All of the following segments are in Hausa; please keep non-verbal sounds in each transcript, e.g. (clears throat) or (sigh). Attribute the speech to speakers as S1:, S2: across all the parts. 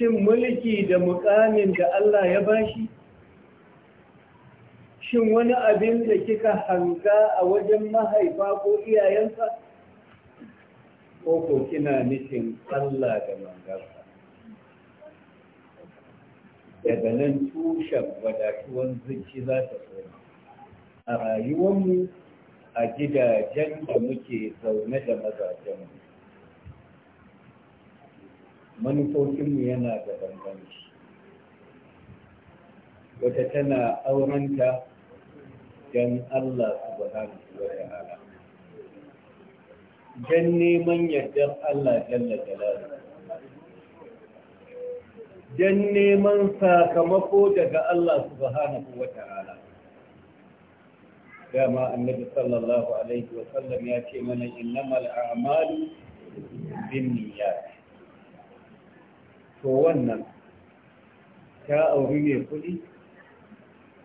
S1: shin mulki da mukamin da Allah ya bashi shin wani abin da kika hanga a wajen mahaifa ko iyayensa ko ko kina nufin Allah da mangarsa daga nan tushen wadatuwan zuci za ta koma. a rayuwanmu a gidajen da muke zaune da mazajenmu manufofinmu yana da bambanci wata tana aurenta don Allah subhanahu wa ta'ala don neman yardar Allah jalla jalala don neman sakamako daga Allah subhanahu wa ta'ala dama annabi sallallahu alaihi wa sallam ya ce mana innamal a'malu bin niyyat to wannan ta auri mai kuɗi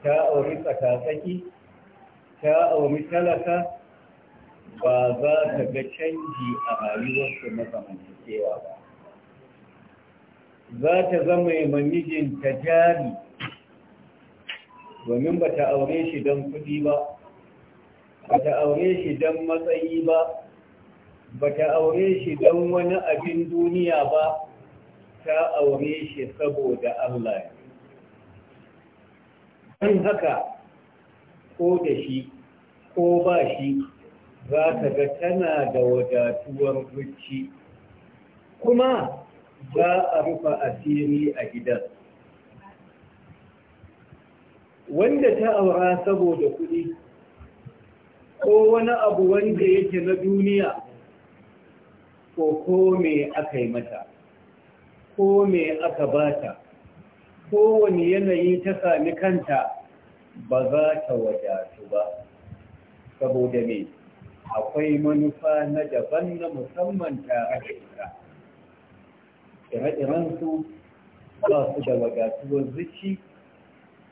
S1: ta auri tsakatsaki ta auri talaka ba za ta ga canji a rayuwarsu na zamantakewa ba za ta zama ta jari domin ba ta aure shi don kuɗi ba ba ta aure shi don matsayi ba ba ta aure shi dan wani abin duniya ba ta aure shi saboda Allah don haka ko da shi ko ba shi za ka ga tana da wadatuwar ruci kuma za a rufa asiri a gidan wanda ta aura saboda kuɗi ko wani abu wanda yake na duniya ko ko me aka yi mata ko me aka bata kowane yanayi ta sami kanta ba za ta wadatu ba saboda me akwai manufa na daban na musamman tare da ita ire ba su da wadatuwar zuci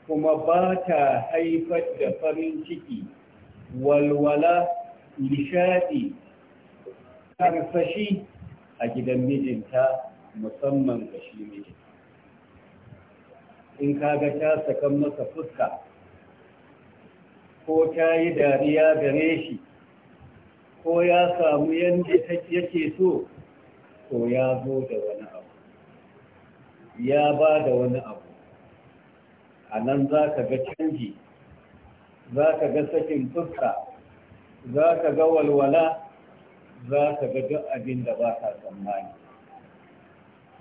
S1: kuma ba ta haifar da farin ciki walwala nishadi karfashi a gidan mijinta musamman ga shi ne in kaga ta sakan masa fuska ko ta yi dariya gare shi ko ya samu yadda yake so ko ya zo da wani abu ya ba da wani abu a nan za ka ga canji za ka ga sakin fuska za ka ga walwala za ka ga duk abin da ba ka tsammani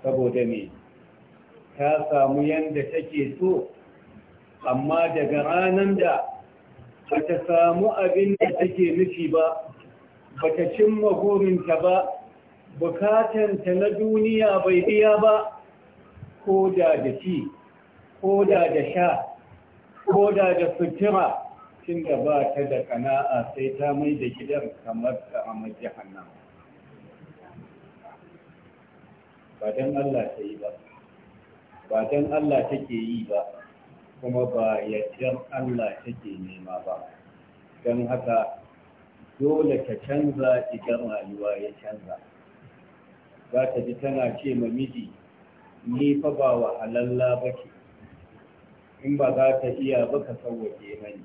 S1: saboda me ta samu yanda take so amma daga ranar da ba ta samu abin da take nufi ba ba ta cimma burinta ba ta na duniya bai biya ba ko da da ci ko da da sha ko da da sutura tun da ba ta da kana'a sai ta mai da gidan kamar ta amma majiyar ba don Allah ta yi ba ba don Allah take yi ba kuma ba yaddan Allah take nema ba don haka dole ka canza idan rayuwa ya canza za ta ji tana ce ma miji ni fa ba wa halalla ba ke, in ba za ta iya ba ka sauwake mani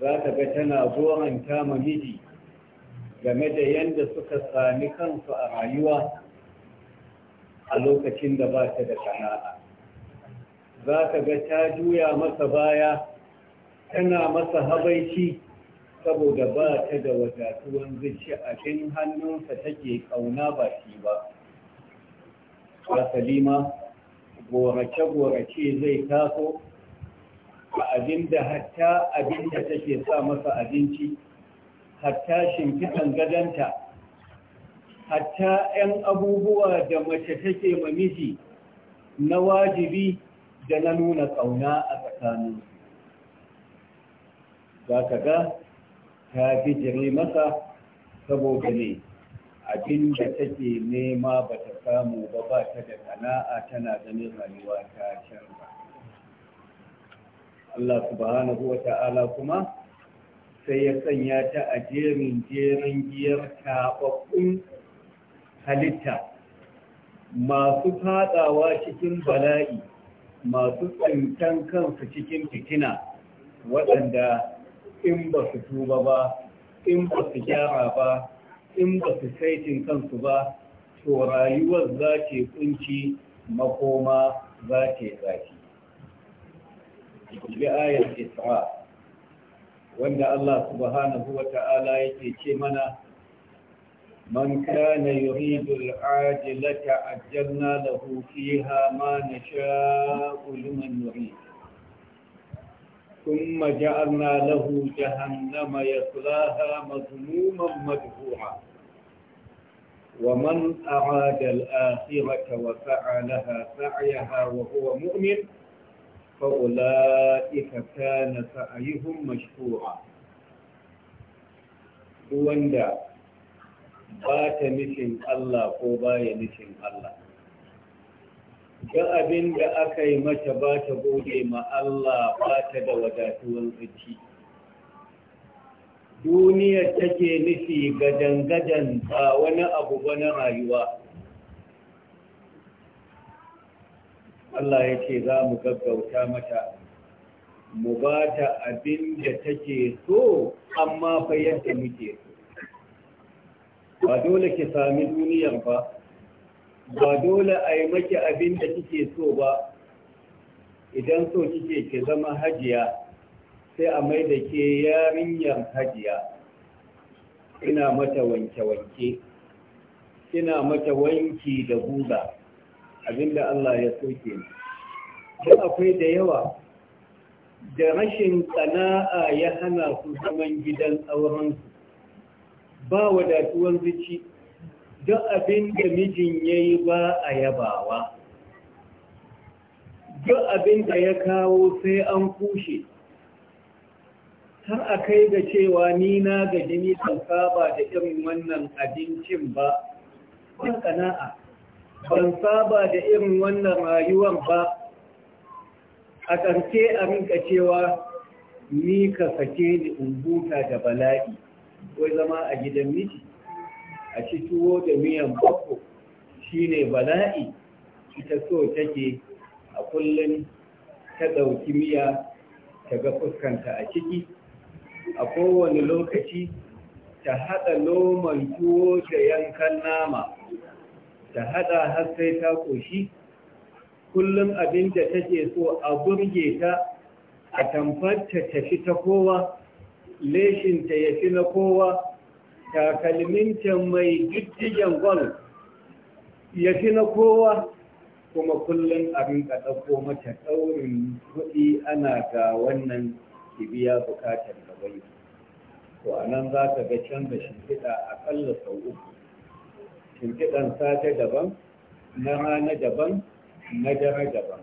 S1: za ta ga tana goranta ma miji game da yadda suka sami kansu a rayuwa a lokacin da ba ta da sana'a za ka ga ta juya masa baya tana masa habaici saboda ba ta da wadatuwan zuci abin hannunsa take kauna ba shi ba a salima gorace-gorace zai taso a abin da hatta abin da take sa masa abinci hatta shimfiɗan gadanta hatta 'yan abubuwa da mace take miji na wajibi da na nuna ƙauna a tsakanin za ka ga ta fi jire masa saboda ne abin da take nema ba ta samu ba ba ta da sana'a tana ganin rayuwa ta ba Allah subhanahu wa ta'ala kuma sai ya sanya ta a jerin jerin giyar taɓaɓɓun halitta masu fadawa cikin bala'i masu tsintan kansu cikin fitina waɗanda in ba su tuba ba in ba su gyara ba in ba su saitin kansu ba to rayuwar za ce kunci makoma za ce zaki bi ayar isra wanda Allah subhanahu wa ta'ala yake ce mana من كان يريد العاجلة عجلنا له فيها ما نشاء لمن نريد ثم جعلنا له جهنم يصلاها مذموما مدفوعا ومن أراد الآخرة وفعلها سعيها وهو مؤمن فأولئك كان سعيهم مشكورا. ba ta nufin Allah ko ba ya nufin Allah ga abin da aka yi mata ba ta goge ma Allah ba ta da wadatuwan zuci duniyar take nufi gadan-gadan ba wani abu ba na rayuwa Allah ya ce za mu gaggauta mata mu ba ta abin da take so amma fa yadda muke so ba dole ki sami duniyar ba ba dole a yi maki abin da kike so ba idan so kike ki zama hajiya sai a mai da ke yarinyar hajiya ina mata wanke-wanke ina mata wanki da guga abinda Allah ya soke ni don akwai da yawa da rashin tsana'a ya hana su zaman gidan aurensu ba wadatuwar zuci Don abin da mijin ya yi ba a yabawa Don abin da ya kawo sai an kushe har a kai ga cewa ni na gaji ni ban saba da irin wannan abincin ba ban kana'a ban saba da irin wannan rayuwar ba a ƙarshe a rinka cewa ni ka sake ni in huta da bala'i wai zama a gidan miji a ci tuwo da miyan shi shine bala'i ita so take a kullum ta ɗauki miya ta ga fuskanta a ciki a kowane lokaci ta haɗa noman tuwo da yankan nama ta haɗa har sai ta ƙoshi kullum abin da take so a burge ta a tamfarta tafi ta kowa leshinta ya fi na kowa takalminta mai jijjigen gwal ya fi na kowa kuma kullum abin ka ɗauko mata ɗaurin kuɗi ana ga wannan ki biya bukatar bai to a nan za ka ga canza shimfiɗa aƙalla sau uku shimfiɗan sata daban na rana daban na dare daban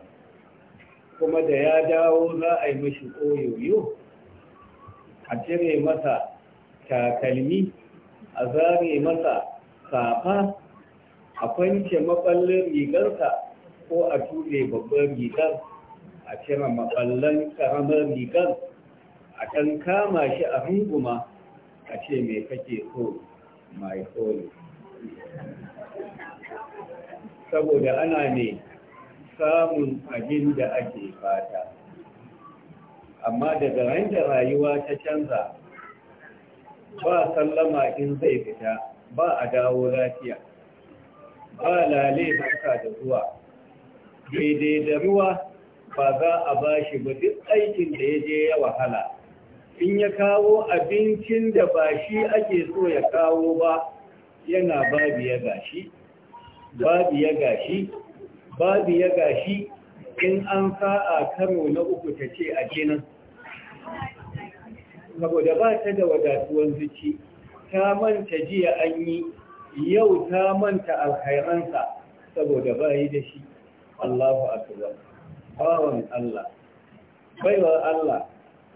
S1: kuma da ya dawo za a yi mashi koyoyo a cire masa takalmi a zare masa safa a kwance maɓallin rigarsa ko a ture babban rigar a cire maɓallon ƙaramar rigar a kan kama shi a runguma a ce mai kake so mai holy saboda ana ne samun abin da ake fata amma daga ran da rayuwa ta canza ba sallama in zai fita ba a dawo lafiya ba lale barka da zuwa daidai da ruwa ba za a ba shi ba duk aikin da ya je ya wahala in ya kawo abincin da ba shi ake so ya kawo ba yana babu ya gashi babu ya gashi babu ya gashi in an fa'a karo na uku ta ce a kenan saboda ba ta da wadatuwan zuci ta manta jiya an yi yau ta manta alkhairansa saboda ba yi da shi Allahu akbar bawan Allah baiwar Allah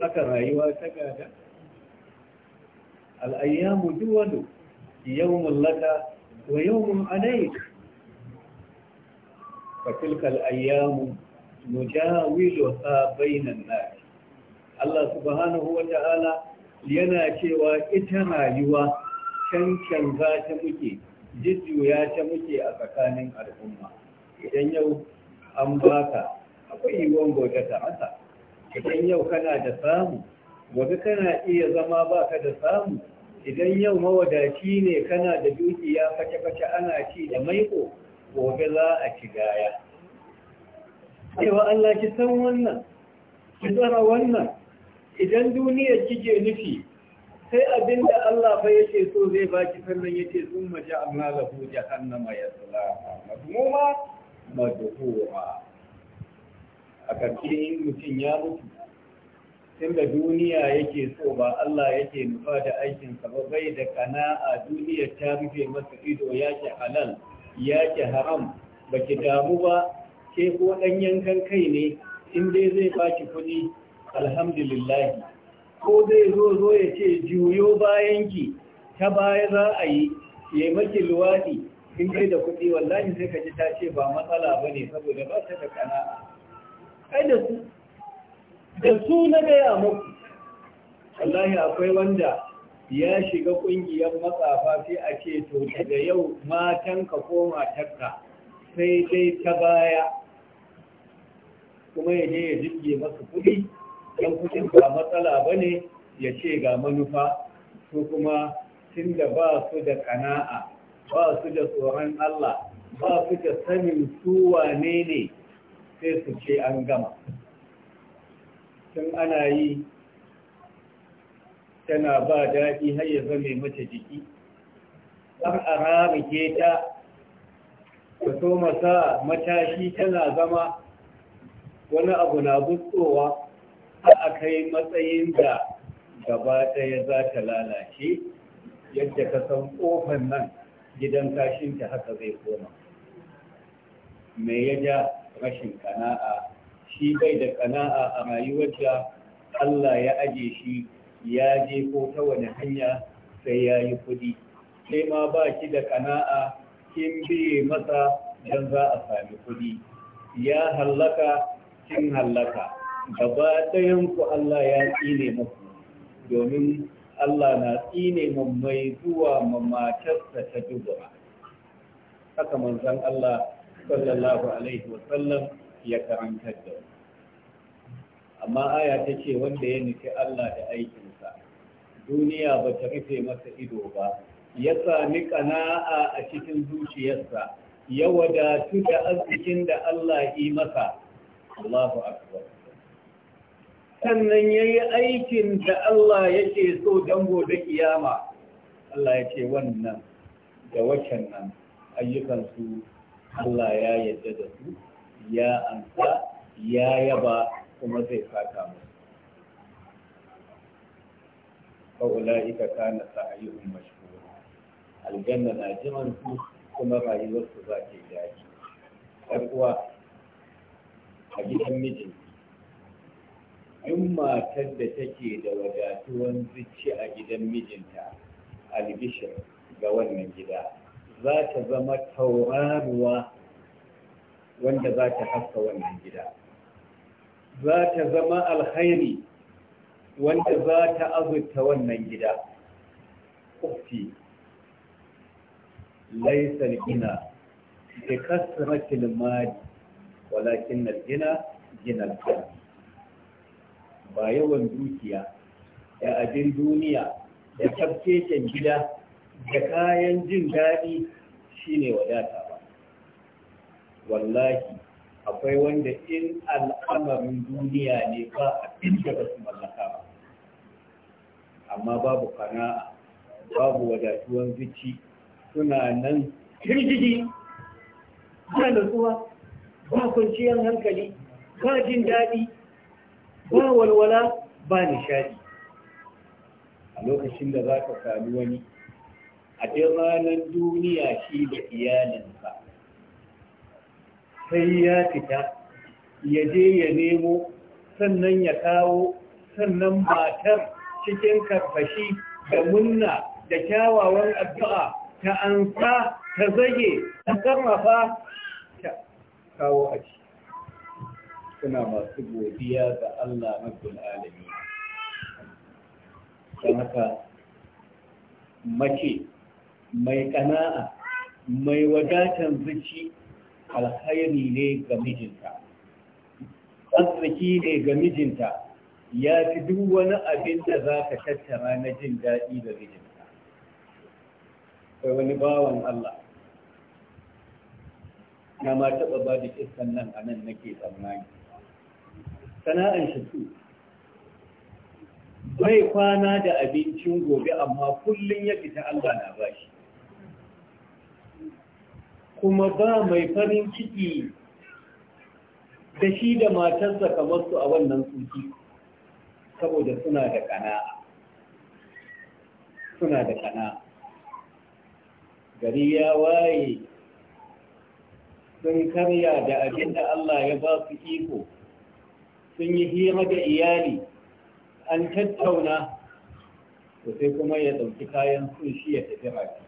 S1: aka rayuwa ta gada al'ayyamu duwadu yau laka wa mun alayk fa tilka ayyamu nujawiluha bainan nas Allah subhanahu wa ta'ala yana cewa ita rayuwa za ta muke jujjuya ta muke a tsakanin al'umma idan yau an baka akwai yiwuwan gobe ta haka idan yau kana da samu gobe kana iya zama baka da samu idan yau mawadaci ne kana da dukiya kace-kace ana ci da maiko gobe za a ci cewa Allah ki san wannan ki tsara wannan idan duniya kike nufi sai abinda Allah fa yake so zai baki sannan yace sun maja amma ma ya yaslaha madmuma madhura a karshe mutum ya mutu da duniya yake so ba Allah yake nufa da aikin ba bai da kana'a duniya ta rufe masa ido yake halal yake haram baki damu ba ke ko ɗan yankan kai ne in dai zai baki kuɗi alhamdulillahi ko zai zo zo ya ce juyo bayanki ta baya za a yi ya maki luwaɗi in dai da kuɗi wallahi sai ka ji ta ce ba matsala ba ne saboda ba ta da kana'a kai da su da su na gaya maku. wallahi akwai wanda ya shiga ƙungiyar matsafa sai a ce to daga yau matanka ko matarka sai dai ta baya kuma ya je ya jirge masa kuɗi yan kuɗin ba matsala ba ne ya ce ga manufa su kuma tun da ba su da kana'a ba su da tsoron Allah ba su da sanin su wane ne sai su ce an gama tun ana yi tana ba daɗi har ya zame mace jiki har a ramike ta ta so masa matashi tana zama wani abu na gutsowa a a kai matsayin da gaba ɗaya za ta lalace yadda ka san ƙofar nan gidan kashin ta haka zai koma me ya ja rashin kana'a shi bai da kana'a a rayuwar da Allah ya aje shi ya je ko ta wani hanya sai ya yi kuɗi sai ma ba shi da kana'a kin biye masa don za a sami kuɗi ya hallaka kin hallaka gaba ɗayan ku Allah ya tsine muku domin Allah na tsine mu mai zuwa ma matarsa ta dubura haka manzon Allah sallallahu alaihi wa sallam ya karanta da amma aya ta ce wanda ya nufi Allah da aikinsa duniya ba ta rufe masa ido ba ya sami kana'a a cikin zuciyarsa ya wadatu da arzikin da Allah yi masa Allahu akbar sannan yayi aikin da Allah yake so dan gobe kiyama Allah ya wannan da wacan nan ayyukan su Allah ya yarda da su ya amsa ya yaba kuma zai fata musu fa'ula'ika kana sa'ayyuhum mashkura aljanna na jiran su kuma rayuwar su za zaki yi a gidan miji in matar da take da wadatuwan zuci a gidan mijinta albishir ga wannan gida za ta zama tauraruwa wanda za ta haska wannan gida za ta zama alkhairi wanda za ta azurta wannan gida ƙufti laisar gina da kasar mali walakin gina gina alƙalbi ba yawan dukiya da abin duniya da tafkeken gida da kayan jin daɗi shine wadata ba wallahi akwai wanda in al'amarin duniya ne ba abin da ba su mallaka ba amma babu kana'a babu wadatuwan zuci suna nan kirgidi suna da tsuwa ba kwanciyar hankali ba jin daɗi ba walwala ba nishadi a lokacin da za ka sami wani a ranar duniya shi da iyalinsa sai ya fita ya je ya nemo sannan ya kawo sannan matar cikin karfashi da munna da kyawawan addu'a ta ansa ta zage ta sarrafa kawo a ciki suna masu godiya ga Allah rabbul alami don haka mace mai ƙana'a mai wadatan zuci alhairi ne ga mijinta arziki ne ga mijinta ya fi duk wani abin da za ka tattara na jin daɗi ga mijinta wani bawan Allah na ma taɓa ba da iskan nan a nan nake tsammani sana'an shi su bai kwana da abincin gobe amma kullum ya fita Allah na bashi kuma ba mai farin ciki da shi da matarsa kamar su a wannan tsuki saboda suna da kana'a suna da kana'a gari ya waye sun karya da abin da Allah ya ba su iko sun yi hira da iyali an tattauna to sai kuma ya ɗauki kayan sun shi ya tafi rafi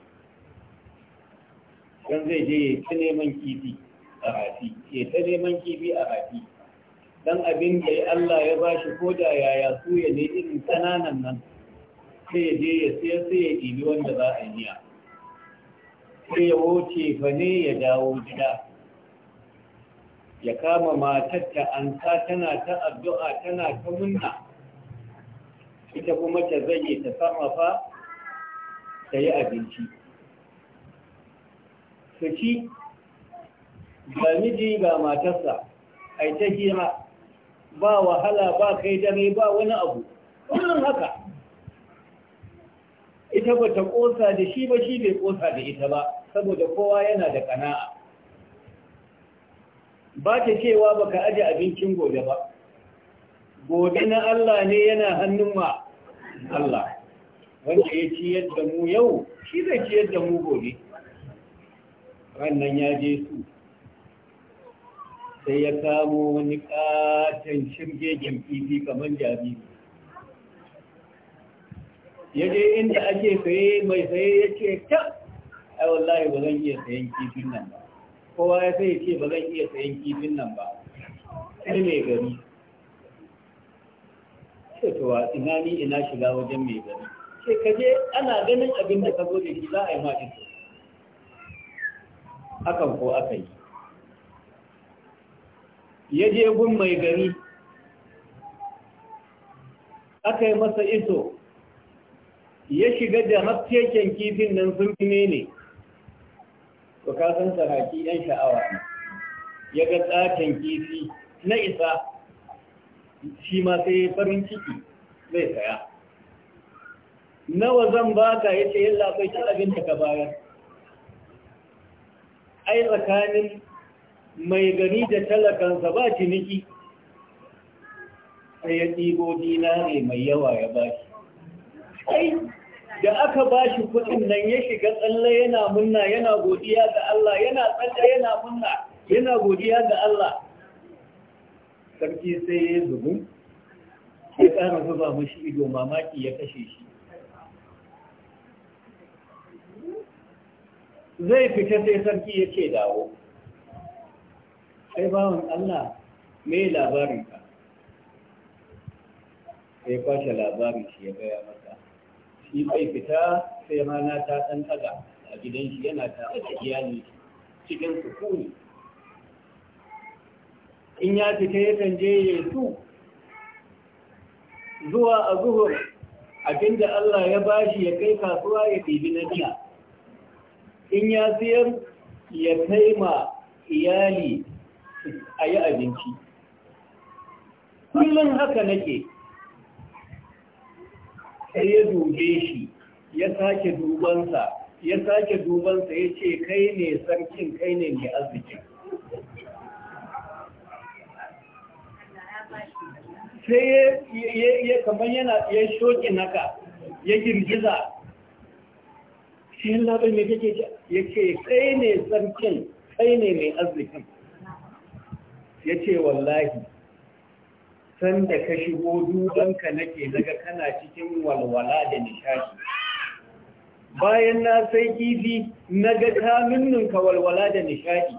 S1: don zai je ya ta neman kifi a rafi ya ta neman kifi a rafi dan abin da Allah ya ba shi ko da yaya su ya ne irin ƙananan nan sai ya je ya sayar sai ya ɗibi wanda za a yi sai ya wuce fa ne ya dawo gida ya kama matar ta an sa tana ta addu'a tana ta munna ita kuma ta zage ta sarrafa ta yi abinci su ci ga miji ga matarsa ai ta hira ba wahala ba kai dare ba wani abu kullum haka ita ba ta ƙosa da shi ba shi bai ƙosa da ita ba saboda kowa yana da ƙana'a ba ta cewa ba ka aji abincin gobe ba gobe na Allah ne yana hannun ma Allah wanda ya ciyar da mu yau shi zai ciyar da mu gobe rannan ya je su sai ya kamo wani katon shirge kifi kamar jariri ya je inda ake saye mai saye ya ce ta ai wallahi ba zan iya sayan kifin nan ba kowa ya sai ce ba zan iya sayan kifin nan ba sai mai gari towa ina ni ina shiga wajen mai gari ce ka je ana ganin abin da ka zo da shi za a yi ma ito hakan ko aka yi ya je gun mai gari aka yi masa iso ya shiga da hafkeken kifin nan sun fi ne to ka san saraki yan sha'awa ne ya ga tsakin kifi na isa shi ma sai farin ciki zai saya nawa zan baka ya ce yalla kai ta abin da ka bayar ai tsakanin mai gari da talakansa ba ciniki sai ya ɗigo dinare mai yawa ya bashi ai da aka ba shi kuɗin nan ya shiga tsalle yana munna yana godiya ga Allah yana tsalle yana munna yana godiya ga Allah sarki sai ya zubu ya ƙara zuba mashi ido mamaki ya kashe shi zai fita sai sarki ya ce dawo sai bawan Allah me labarin ka. sai kwashe labarin shi ya gaya masa shi bai fita sai rana ta ɗan ɗaga a gidan shi yana ta da iyali cikin sukuni in ya fita yakan je ya su zuwa a zuhur abinda Allah ya bashi ya kai kasuwa ya ɗibi na biya in ya siyar ya kai ma iyali a yi abinci kullum haka nake sai ya dube shi ya sake dubansa ya sake dubansa ya ce kai ne sarkin kai ne mai arziki sai ya kamar yana ya shoki naka ya girgiza shi yin labai mai kake ya ce kai ne sarkin kai ne mai arzikin ya ce wallahi san da ka shigo dubanka nake daga kana cikin walwala da nishadi bayan na sai kifi na ga kaminninka walwala da nishadi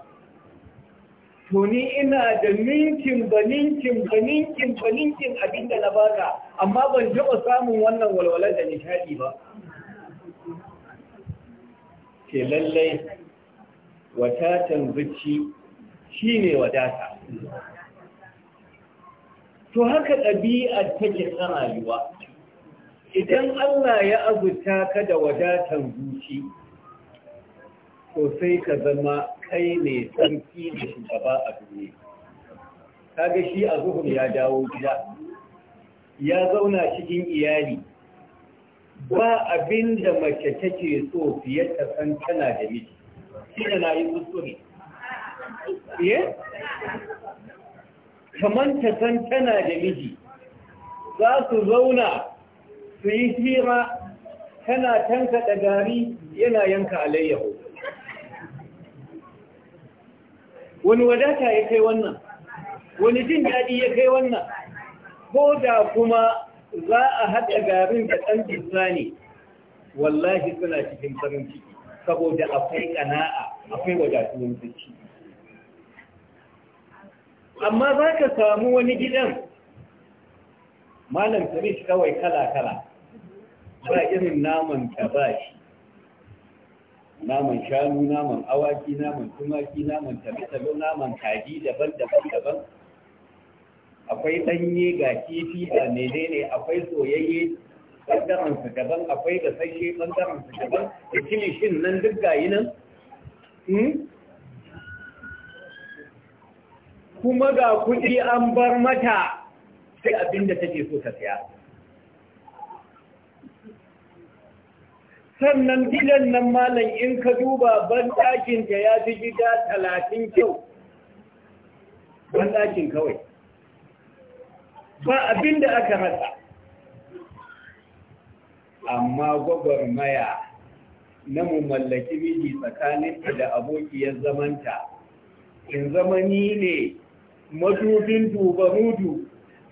S1: to ni ina da ninkin ba ninkin ba ninkin ba ninkin abinda na baka amma ban taɓa samun wannan walwala da nishadi ba ke lallai watatan shi shine wadata to haka ɗabi'a take ta rayuwa idan Allah ya azuta ka da wadatan zuci to sai ka zama kai ne sarki da shugaba a duniya kaga shi a zuhur ya dawo gida ya zauna cikin iyali ba abin da mace take so fiye ta san tana da miji shi na yi kuskure eh? kamar ta san tana da miji za su zauna su yi hira tana tanka da gari yana yanka alayyahu
S2: wani wadata ya kai wannan wani jin daɗi ya kai wannan ko da
S1: kuma za a haɗa garin da ɗan jinsa ne wallahi suna cikin farin ciki saboda akwai ƙana'a akwai wadatuwan ciki amma za ka samu wani gidan malam tarish kawai kala-kala ba irin naman ka ba shi naman shanu naman awaki naman tumaki naman tabi-tabi naman kaji daban-daban-daban akwai danye ga kifi da ne, akwai soyayye ɓangaren su daban akwai gasashe ɓangaren su daban da kilishin nan duk gayi nan hmm? kuma ga kuɗi an bar mata sai abin da take so ta saya sannan gidan nan malam in ka duba banɗakin da ya fi gida talatin kyau banɗakin kawai ba abin aka rasa amma gwagwarmaya na mu mallaki miji tsakaninta da abokiyar zamanta in zamani ne madubin duba mudu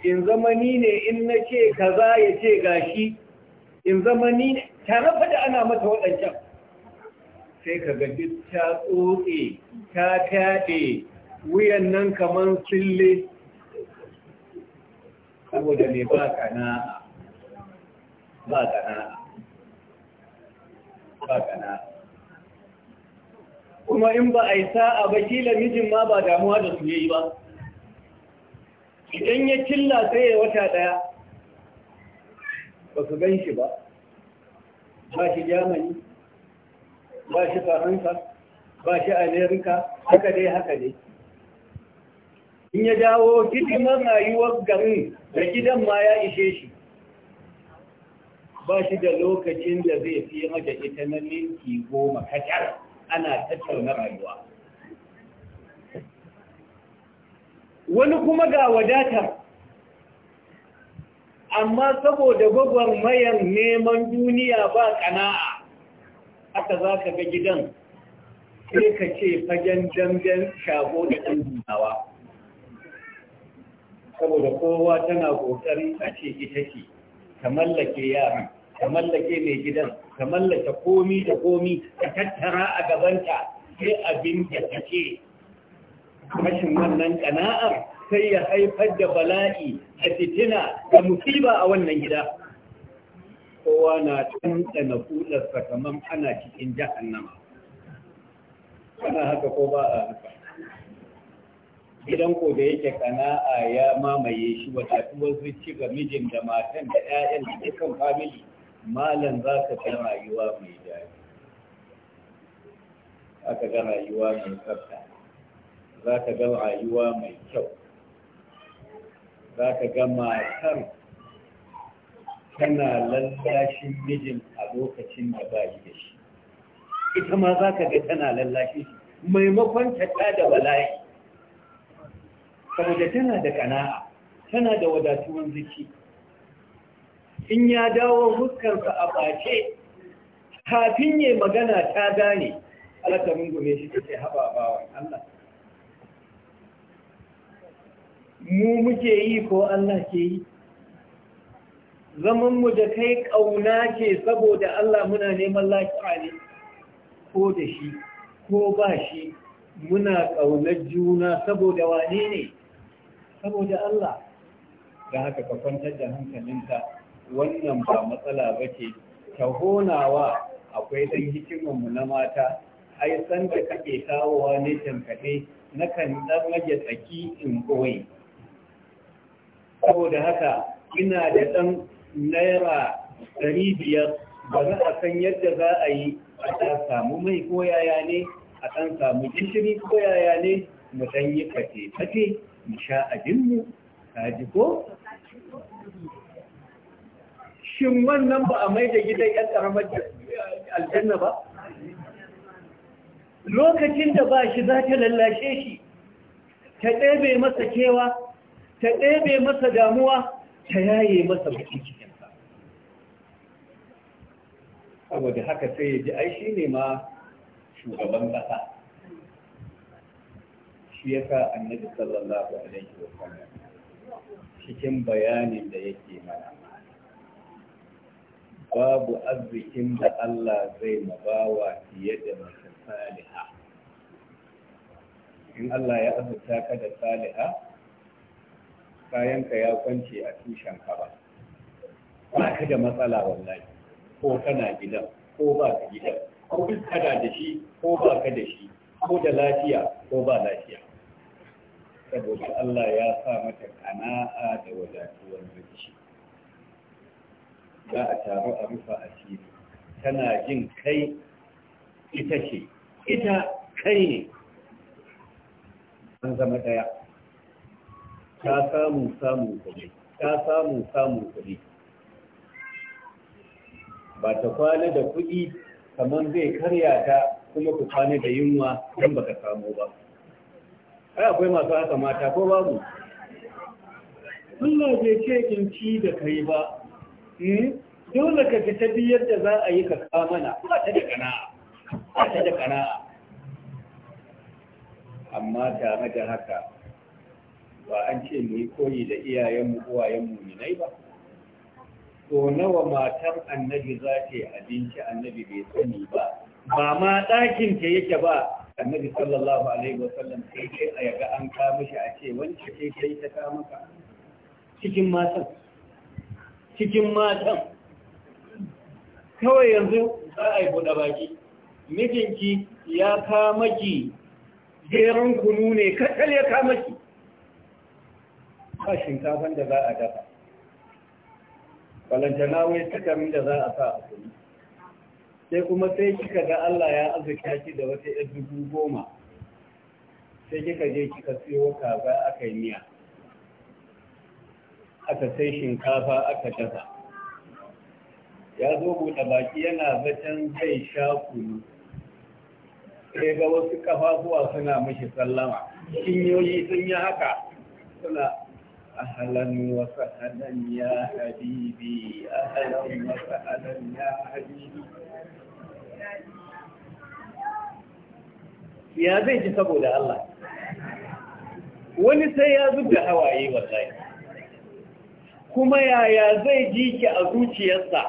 S1: in zama ne in na ce kaza ya ce gashi in zama ni ne rafa da ana mata waɗancan sai ka gaji ta tsotse ta taɗe wuyan nan kamar sille saboda ne ba ba kana ba kuma in ba a yi sa'a ba kila mijin ma ba damuwa da su yi ba idan ya killa sai ya wata daya ba su gan shi ba ba shi germany ba shi faransa ba shi amerika haka dai haka dai in ya dawo hidimar rayuwar garin da gidan ma ya ishe shi ba shi da lokacin da zai fiye da ita na minti goma kacar ana tattauna rayuwa wani kuma ga wadatar amma saboda mayan neman duniya ba kana'a aka za ka ga gidan sai ka ce fagen damben shago da ɗan dunawa saboda kowa tana ƙoƙari a ce ita ce ta mallake yaran ta mallake mai gidan ta mallake komi da komi ta tattara a gabanta sai abin da ta ce rashin wannan kana'ar sai ya haifar da bala'i a fitina da musiba a wannan gida kowa na na kudar kamar ana cikin jahannama ana haka ko ba a haka gidan ko da yake kana'a ya mamaye shi tuwa zuci ga mijin da matan da 'ya'yan da dukkan famili malam za ka fi rayuwa mai daɗi aka ga rayuwa mai tsabta. za ka ga rayuwa mai kyau za ka ga matar tana lallashin mijin a lokacin da ba yi da shi ita ma za ka ga tana lallashin maimakon ta da bala'i saboda tana da kana'a tana da wadatuwan ziki in ya dawo huskarsa a ɓace kafin ya magana ta gane alaka rungume shi ta ce haɓa bawan Allah mu muke yi ko Allah ke yi zaman mu da kai ƙauna ke saboda Allah muna neman lafiya ne ko da shi ko ba shi muna ƙaunar juna saboda wane ne saboda Allah da haka ka kwantar da hankalinka wannan ba matsala ba ce ta honawa akwai ɗan mu na mata ai san da kake kawowa ne tankaɗe na kan ɗan rage tsaki in ɓoye saboda haka ina da ɗan naira ɗari biyar ba za a san yadda za a yi a ɗan samu mai ko yaya ne a ɗan samu gishiri ko yaya ne mu ɗan yi kace kace mu sha abinmu ta ji ko shin wannan ba a mai da gidan yan ƙaramar aljanna ba lokacin da ba shi za ta lallashe shi ta ɗebe masa kewa ta ɗebe masa damuwa ta yaye masa bakin cikinsa saboda haka sai ya ji ai shi ne ma shugaban ƙasa shi ya sa annabi sallallahu alaihi wa sallam cikin bayanin da yake mana babu arzikin da Allah zai mabawa fiye da mace saliha in Allah ya azurta ka da saliha kayanka ya kwance a tushen ka ba ba ka da matsala wallahi ko kana gidan ko ba ka gidan ko kada da shi ko ba ka da shi ko da lafiya ko ba lafiya saboda Allah ya sa mata kana'a da wadatuwar rikici. za a taru a rufa asiri tana jin kai ita ce ita kai ne an zama daya ta samu samun kuɗi ka samu samun kuɗi ba ta kwana da kuɗi kamar zai karya ta kuma ku kwana da yunwa don baka samu ba ai akwai masu haka mata ko babu Allah bai ce in ci da kai ba hmm? dole ka ta biyar da za a yi ka mana. ba ta da kana'a ba ta da kana'a amma tare da haka ba an ce mu yi koyi da iyayenmu uwayen muminai ba to nawa matar annabi za ta yi abinci annabi bai sani ba ba ma ɗakin ta yake ba annabi sallallahu alaihi wasallam sai ce a yaga an ka mishi a ce wance ce kai ta ka maka cikin matan cikin matan kawai yanzu za a yi buɗe baki mijinki ya ki, jeron kunu ne kacal ya ki. ba shinkafan da za a dafa na wai sukari da za a sa a kuli sai kuma sai kika ga Allah ya azuka shi da wata yar dubu goma sai kika je kika siyo kaza aka yi miya aka sai shinkafa aka dafa ya zo buɗe baki yana zaton zai sha kunu sai ga wasu kafafuwa suna mashi sallama kinyoyi sun yi haka suna أهلا وسهلا يا حبيبي أهلا وسهلا يا حبيبي ya zai ji saboda Allah wani sai ya zub da hawaye wallahi kuma yaya zai ji ki a zuciyarsa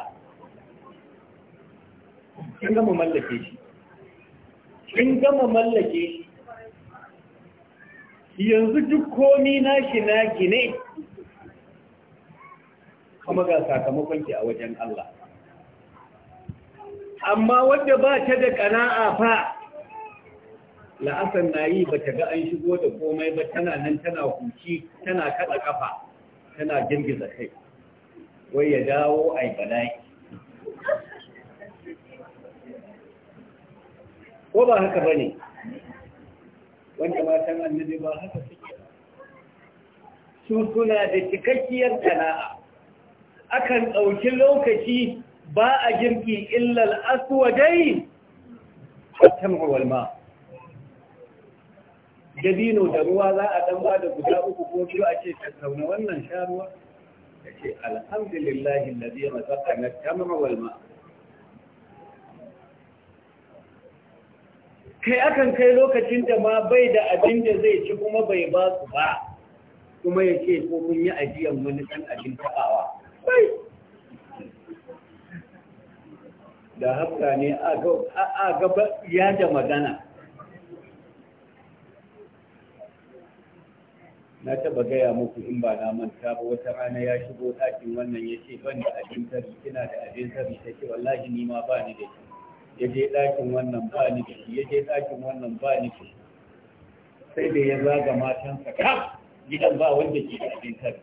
S1: kin gama mallake kin gama mallake shi yanzu duk komi nashi naki ne kuma ga sakamakon ki a wajen Allah amma wanda ba ta da kana'a fa la'asar na yi ba ta ga an shigo da komai ba tana nan tana huci tana kada kafa tana girgiza kai wai ya dawo a bala'i ko ba haka ba ne
S2: wanda matan
S1: annabi ba haka suke su suna da cikakkiyar sana'a akan ɗauki lokaci ba a girki illal aswadai tamhuwal ma dabino da ruwa za a dan ba da guda uku ko biyu a ce tattauna wannan sha ruwa ya ce alhamdulillahi lalzi ya mazaka na ma kai akan kai lokacin da ma bai da abin da zai ci kuma bai ba su ba kuma ya ce ko kun yi ajiyar wani ɗan abin taɓawa bai da haka ne a gaba ya da magana na taba gaya muku in ba na manta ba wata rana ya shigo ɗakin wannan ya ce ban da abin tari kina da abin tari ta ce wallahi ni ma ba ni da shi ya je ɗakin wannan ba nufi ya je ɗakin wannan ba nufi
S2: sai da ya zaga
S1: matansa ka gidan ba wanda ke cikin kan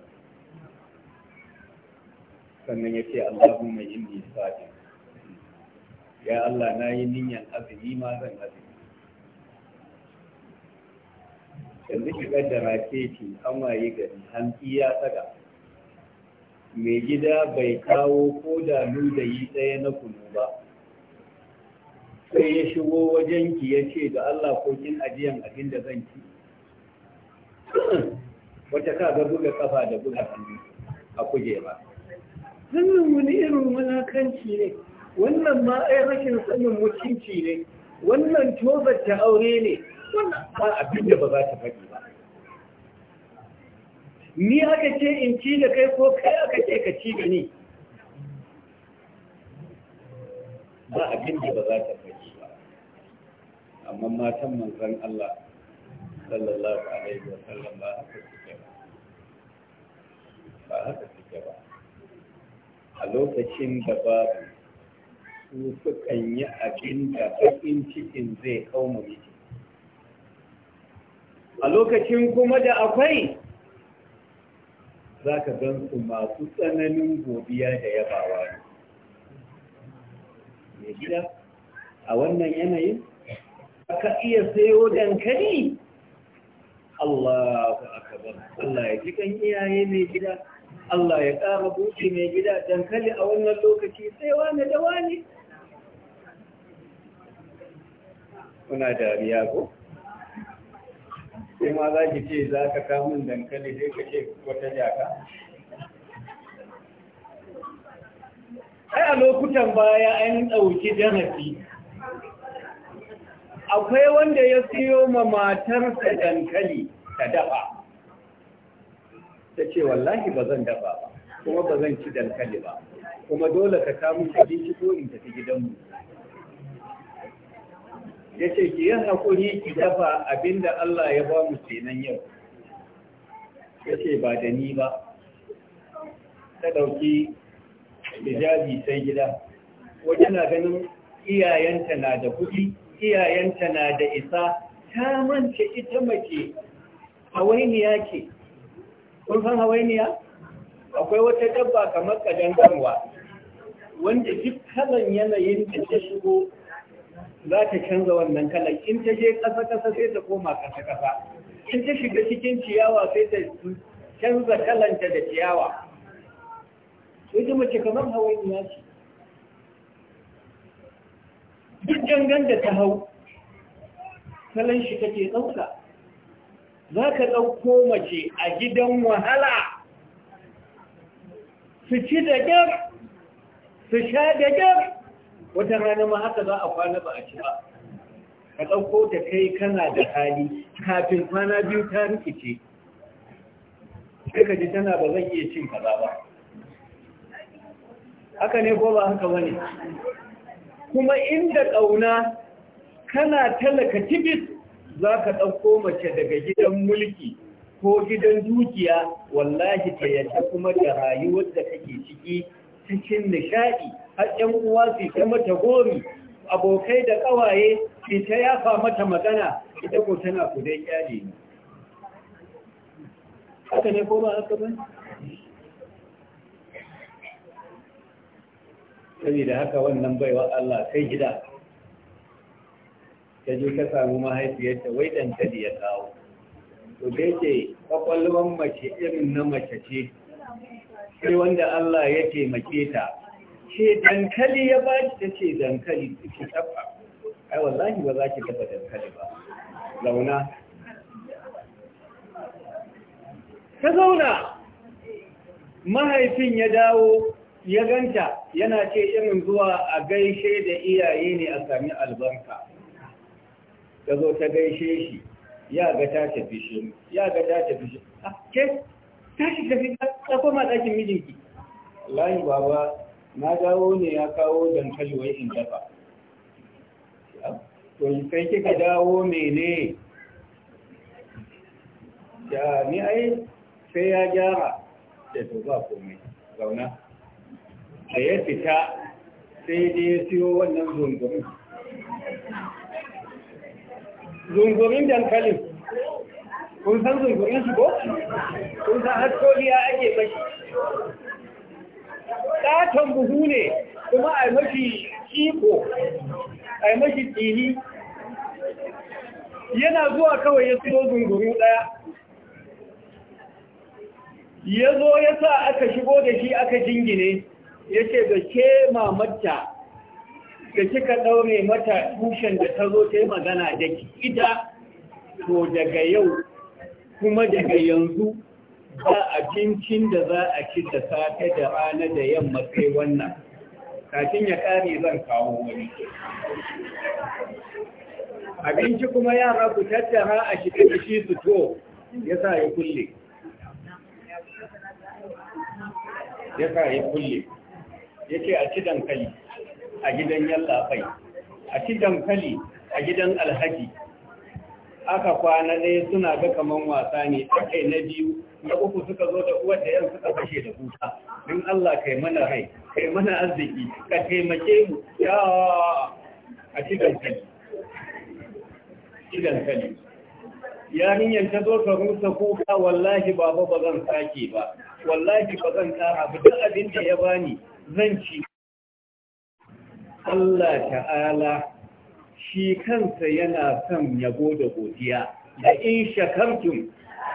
S1: sannan ya ce Allahu mai inni sa'in ya Allah na yi niyyar azumi ma zan azumi yanzu ki da ce ki an waye gari hantsi ya tsaga mai gida bai kawo ko da yi ɗaya na kunu ba sai ya shigo wajenki ya ce da Allah ko kin ajiyan abin da zan ci (clears throat) wata ka ga buga kafa da buga hannu a kujera sannan wani irin malakanci ne wannan ma ai rashin sanin mutunci ne wannan tobar ta aure ne wannan ba abin da ba za ta faɗi ba ni aka ce in ci da kai ko kai aka ce ka ci da ni ba abin da ba za ta faɗi amma matan manzan Allah sallallahu alaihi wa sallam ba haka suke ba ba haka suke ba a lokacin da babu su sukan yi abin da bakin cikin zai kawo miji a lokacin kuma da akwai za ka gan su masu tsananin gobiya da yabawa ne gida a wannan yanayin aka iya sayo dankali
S2: Allahu akbar Allah ya ji
S1: iyaye mai gida Allah ya ƙara buci mai gida dankali a wannan lokaci sai wani da wani kuna dariya ko sai ma za ki ce za ka kamun dankali sai ka ce wata jaka ai a lokutan baya an ɗauki jarabi akwai wanda ya siyo ma matarsa dankali ta dafa ta ce wallahi ba zan dafa ba kuma ba zan ci dankali ba kuma dole ka samu abinci ko in tafi gidanmu
S2: ya ce ki yi haƙuri ki dafa abinda
S1: Allah ya ba mu kenan yau ya ce ba da ni ba ta ɗauki hijabi sai gida wajen na ganin iyayenta na da kuɗi iyayenta na da isa ta manta ita mace hawainiya ke. kun san hawainiya akwai wata dabba kamar kadan kanwa wanda duk kalan yanayin da ta shigo
S2: za ta canza
S1: wannan kalan in ta je kasa-kasa sai ta koma kasa-kasa in ta shiga cikin ciyawa sai ta canza kalanta da ciyawa ita mace kamar hawainiya ce duk gangan da ta hau salon shi kake ɗauka zaka ka ɗauko mace a gidan wahala su ci da gyar su sha da gyar wata rana ma haka za a kwana ba a ci ba ka ɗauko ta kai kana da hali kafin kwana biyu ta rikice sai ka ji tana ba zan iya cin kaza ba haka ne ko ba haka bane kuma inda ƙauna kana talaka tibis za ka ɗauko mace daga gidan mulki ko gidan dukiya wallahi ta yadda kuma da rayuwar da take ciki cikin nishaɗi har ƴan uwa su ta mata gori abokai da ƙawaye su ta yafa mata magana ita ko tana kudai kyale ne haka ne ko ba haka ba da haka wannan baiwa Allah kai gida ta je ta samu mahaifiyarta wai dankali ya kawo to dai yake kwakwalwan mace irin na mace ce sai wanda Allah ya taimake ta ce dankali ya ba ki ta ce dankali ki tafa ai wallahi ba za ki dafa dankali ba zauna ka zauna mahaifin ya dawo ya ganta yana ce irin zuwa a gaishe da iyaye ne a sami albarka ta zo ta gaishe shi ya ga ta tafi shi ya ga ta tafi shi ah, ke tashi tafi ta koma ɗakin mijinki layi baba na dawo ne ya kawo dankali wai in dafa ah, to kai kika dawo mene ya ni ai sai ya gyara da to ba komai zauna
S2: da ya fita
S1: sai dai ya siyo wannan zungurin
S2: zungurin dankalin kun san zungurin su ko? kun san haskoliya ake mashi ƙaton buhu ne kuma a mashi iko a
S1: mashi tsini yana zuwa kawai ya siyo zungurin ɗaya ya zo ya sa aka shigo da shi aka jingine ya ce ga ke mamarta da kika ɗaure mata tushen da ta zo ta yi magana da ita to daga yau kuma daga yanzu ba abincin da za a ci da safe da rana da yamma sai wannan kafin ya kare zan kawo wani abinci kuma yara ku tattara a shiga da shi su to ya sa ya kulle
S2: ya sa ya kulle ya ce a ci dankali a gidan yallaɓai
S1: a ci dankali a gidan alhaji aka kwana ne suna ga kaman wasa ne akai na biyu na uku suka zo da uwar da yan suka kashe da kuka don Allah kai mana rai kai mana arziki ka taimake mu ya a ci dankali ci dankali yarinyar ta zo ta rusa kuka wallahi baba ba zan sake ba wallahi ba zan tsara ba abin da ya bani zan ci Allah ta'ala shi kansa yana son yabo da godiya da in shakartum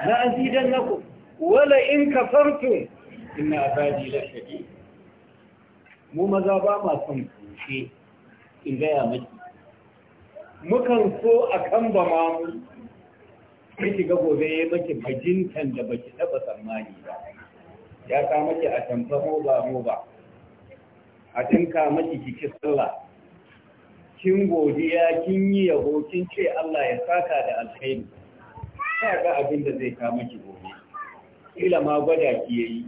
S1: na azidannakum wala in kafartum
S2: inna abadi la shadid
S1: mu maza ba ma son kushe in gaya miki mukan so a kan ba ma mu miki ga gobe ya miki bajintan da baki taba tsammani ba ya ka miki a tamfa mu ba mu ba a tinka maki kiki sallah kin godiya kin yi yabo kin ce Allah ya saka da alkhairi sai ga abin da zai kama ki gobe kila ma gwada ki yayi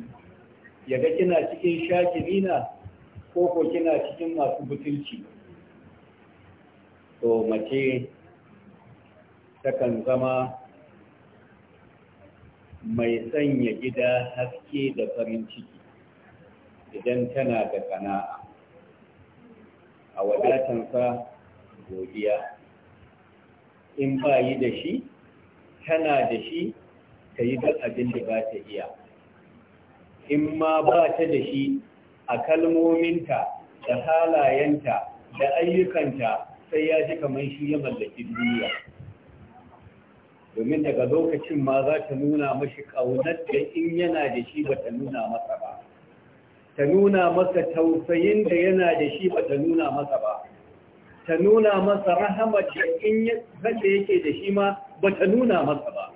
S1: yaga kina cikin shakirina ko ko kina cikin masu butulci to mace takan zama mai sanya gida haske da farin ciki idan tana da sana'a a wadatansa godiya in ba yi da shi tana da shi ta yi duk abin da ba ta iya in ma ba ta da shi a kalmominta da halayenta da ayyukanta sai ya ji kamar shi ya mallaki duniya domin daga lokacin ma za ta nuna mashi ƙaunar da in yana da shi ba ta nuna masa ba ta nuna masa tausayin da yana da shi ba ta nuna masa ba ta nuna masa rahamar da in yadda yake da shi ma ba ta nuna masa ba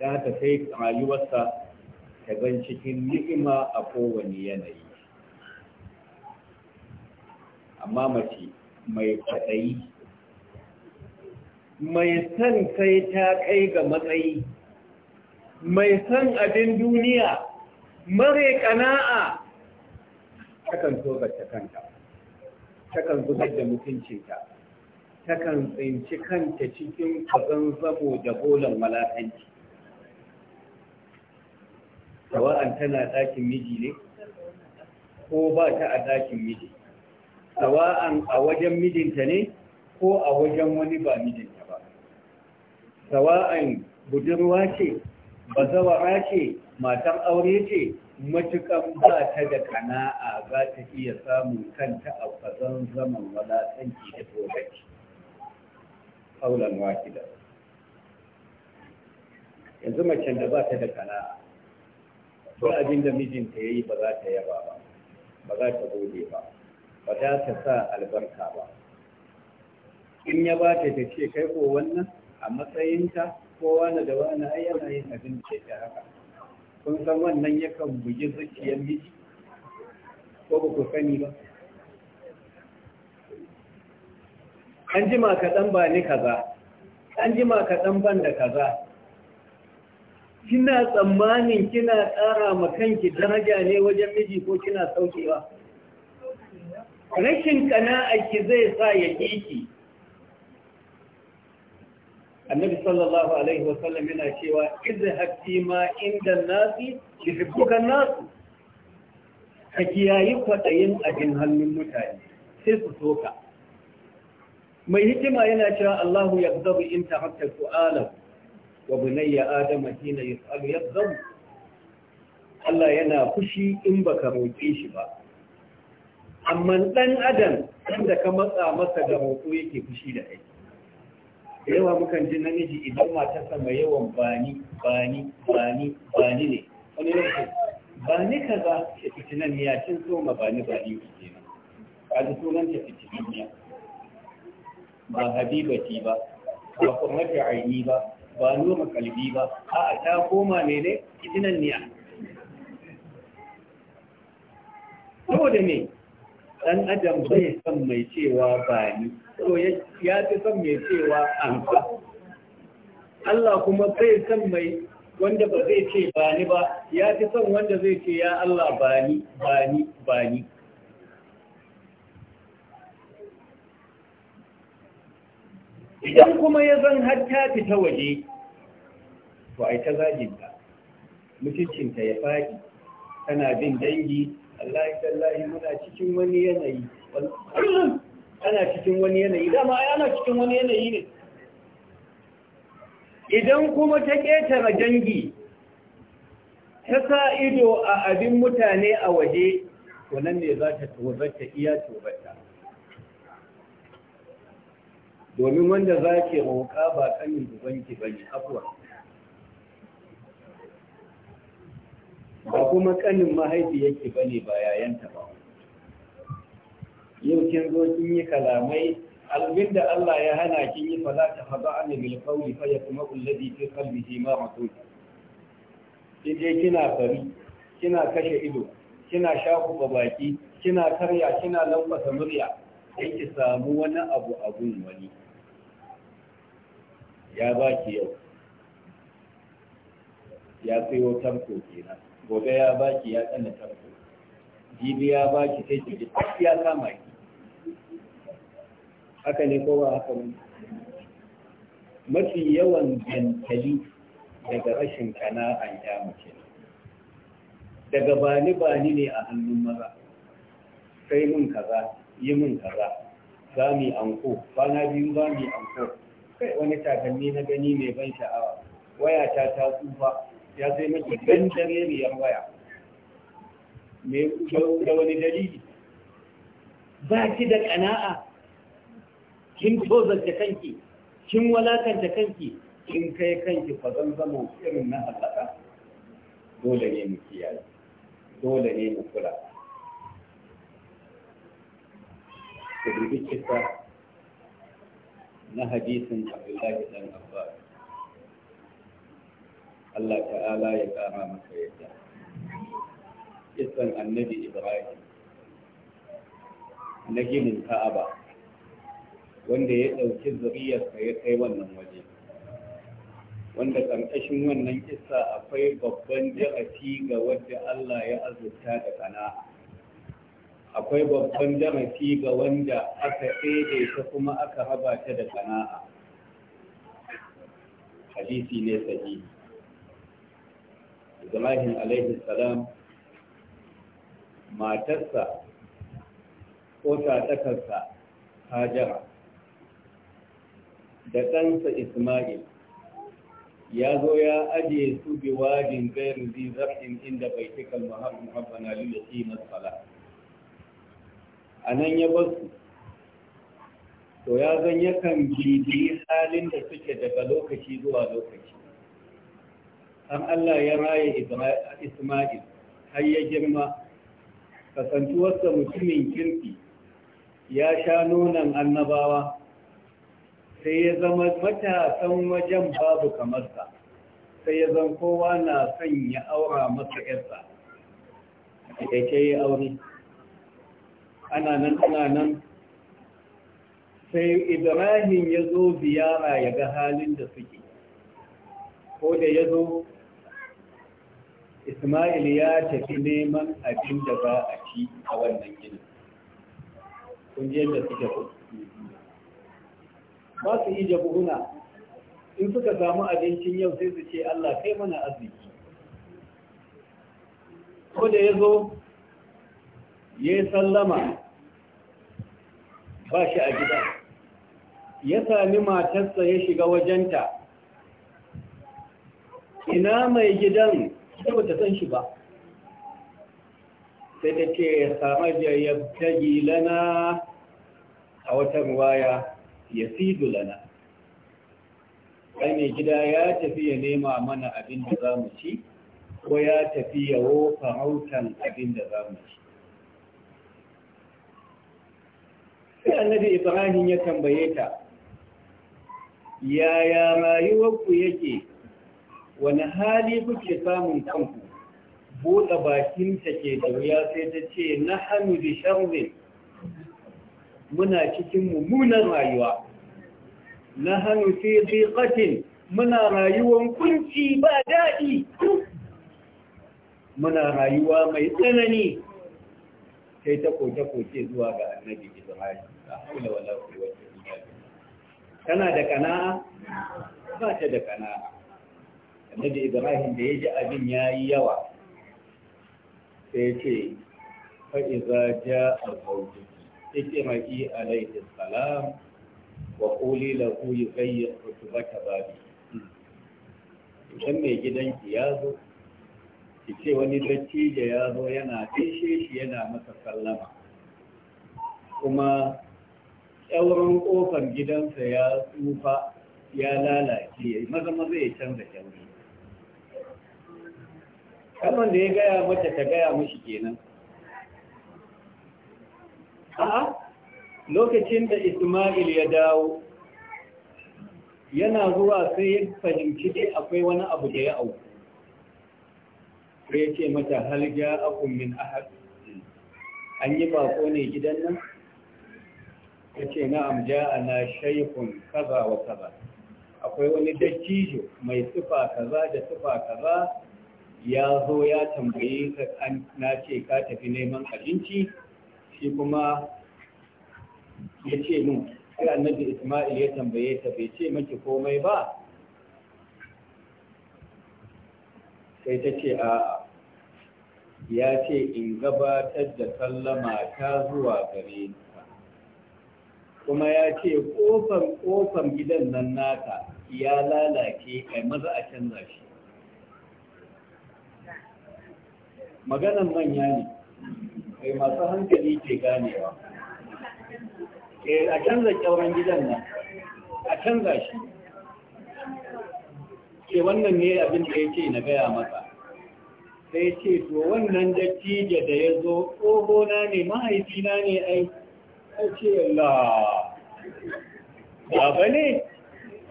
S1: ta ta sai rayuwarsa ta zan cikin ni'ima a kowane yanayi amma mace mai kwaɗayi mai son kai ta kai ga matsayi mai san abin duniya mare kana'a takan ta kanta takan gudar da mutuncinta takan tsinci kanta cikin kwazon zabo da bolan walakanci sawa'an tana dakin miji ne ko ba ta a dakin miji sawa'an a wajen mijinta ne ko a wajen wani ba mijinta ba sawa'an budurwa ce bazawara ce Matan aure ce matukan ba ta da kana'a za ta iya samun kanta a kazan zaman walatanci da tsoraci kaulan wakilar yanzu macen da ba ta da kana'a Ba abin da mijinta ya yi ba za ta yaba ba ba za ta gode ba ba za ta sa albarka ba in ya ba ta ta ce kai ko wannan a matsayinta Kowa na da wani ai yin abin ce ta haka kun san wannan yakan bugi zuciyar miji ko ba ku sani ba an jima kaɗan ba ni kaza an jima kaɗan ban da kaza kina tsammanin kina ƙara ma kanki daraja ne wajen miji ko kina saukewa rashin ki zai sa ya ki. annabi sallallahu alaihi wasallam yana cewa izhab fi ma inda nasi yuhibbuka nasu ka kiyayi kwaɗayin abin hannun mutane sai su soka mai hikima yana cewa Allahu yabdabu in tahatta su'ala wa bunayya adama hina yus'alu yabdabu Allah yana fushi in baka roƙe shi ba amma dan adam inda ka matsa masa da roƙo yake fushi da kai da yawa mukan ji namiji idan matarsa mai yawan bani bani bani bani ne wani lokaci bani kaza fiti nan ya cin so ma bani bani ke nan da sunan ta fitinan ya ba habibati ba ba kurmata aini ba ba noma kalbi ba a'a ta koma ne ne fitinan niya saboda ne dan adam bai san mai cewa bani to ya fi son mai cewa an Allah kuma zai san mai wanda ba zai ce ba ni ba ya fi son wanda zai ce ya Allah ba ni ba ni ba ni idan kuma ya zan hatta fita waje to ai ta ka, mutuncinta ya faɗi tana bin dangi Allah ya tallahi muna cikin wani yanayi ana cikin wani yanayi dama ai ana cikin wani yanayi ne idan kuma ta ƙetare jangi ta sa ido a abin mutane a waje wannan ne za ta ta iya tozarta domin wanda za ke roƙa ba ƙanin dubanki ba ne afuwa ba kuma ƙanin mahaifi ba ne ba yayanta ba yau kin zo kin yi kalamai albin da Allah ya hana kin yi fa za ta haɗa ana bil qawli fa yakuma alladhi fi qalbihi ma matut kin je kina fari kina kashe ido kina shafuka baki kina karya kina lambata murya sai ki samu wani abu abun wani ya baki yau ya sayo tarko kenan gobe ya baki ya tsana tarko jibi ya baki sai ki ya kama ki haka ne ko ba haka ne mafi yawan jantali daga rashin an ya mace daga bani bani ne a hannun maza Sai mun kaza yi mun kaza za mu yi anko na biyu za mu yi anko kai wani takalmi na gani mai ban sha'awa waya ta ta tsufa ya sai miki dan 'yan waya me da wani dalili ba ki da kana'a kin tozarta kanki kin walakanta kanki kin kai kanki fa zama irin na halaka dole ne mu kiyaye dole ne mu kula ku dubi kisa na hadisin Abdullahi dan Abbas Allah ta'ala ya kama masa yadda kisan annabi Ibrahim na ginin Ka'aba wanda ya ɗauki zuriyarsa ya kai wannan waje wanda ƙarƙashin wannan kisa akwai babban jarafi ga wanda Allah ya azurta da kana'a akwai babban darasi ga wanda aka tsede ta kuma aka raba ta da kana'a hadisi ne sahihi Ibrahim alaihi salam matarsa ko ta takarsa Hajara da ɗansa Ismail ya zo ya ajiye su bi wajin gairu zai zafin inda bai cika muhammadu habbana lil yaqima A nan ya su. to ya zan yakan bibiyi halin da suke daga lokaci zuwa lokaci an Allah ya raye Isma'il har ya girma kasantuwarsa mutumin kirki ya sha nonon annabawa sai ya zama matasan wajen babu kamar sa sai ya zan kowa na son ya aura masa yarsa a ke ya aure ana nan ana nan sai ibrahim ya zo ziyara ya ga halin da suke ko da ya zo ismail ya tafi neman abin da ba a ci a wannan ginin kun je da suke ba su yi jabuhuna in suka samu abincin yau sai su ce Allah kai mana arziki ko da ya zo ya yi sallama ba shi a gida ya sami matarsa ya shiga wajenta ina mai gidan ita ba ta san shi ba sai ta ce samar da ya tagi lana a watan waya yasidu lana kai mai gida ya tafi ya nema mana abin da za mu ci ko ya tafi ya wofa hautan abin da za mu ci sai annabi ibrahim ya tambaye ta yaya rayuwarku yake wani hali kuke samun kanku buɗe bakinta ke da wuya sai ta ce na hannu da sharrin muna cikin mummunan rayuwa na hannu fi dhiqatin muna rayuwan kunci ba daɗi muna rayuwa mai tsanani sai ta koke-koke zuwa ga annabi Ibrahim a haula wala wani illa billah kana da kana ba ta da kana annabi Ibrahim da ji abin ya yi yawa sai ce fa a ja'a zawjuka ikiraki alaihi salam wa quli lahu yughayyi rutubata babi idan mai gidan ya ki ce wani dattijo ya zo yana kishe shi yana masa sallama kuma tsauran kofar gidansa ya tsufa ya lalace maza maza ya canza canza kalman da ya gaya mata ta gaya mashi kenan a lokacin da ismail ya dawo yana zuwa sai ya fahimci dai akwai wani abu da ya auku sai ce mata halga akun min ahad an yi bako ne gidan nan ya ce na'am na shaifun kaza wa kaza akwai wani dattijo mai sufa kaza da sufa kaza ya zo ya tambaye ka na ce ka tafi neman abinci shi kuma ya ce min sai annabi Ismail ya tambaye ta bai ce miki komai ba sai ta ce a ya ce in gabatar da sallama ta zuwa gare ka kuma ya ce kofan kofan gidan nan naka ya lalace kai maza a canza shi maganan manya ne mai masu hankali ke ganewa
S2: eh, a canza kyauran gidan nan a canza shi
S1: ke wannan ne abin da ya ce na gaya mata sai ce to wannan dattijo da ya zo na ne mahaifina ne ai (laughs) a ce Allah ba ne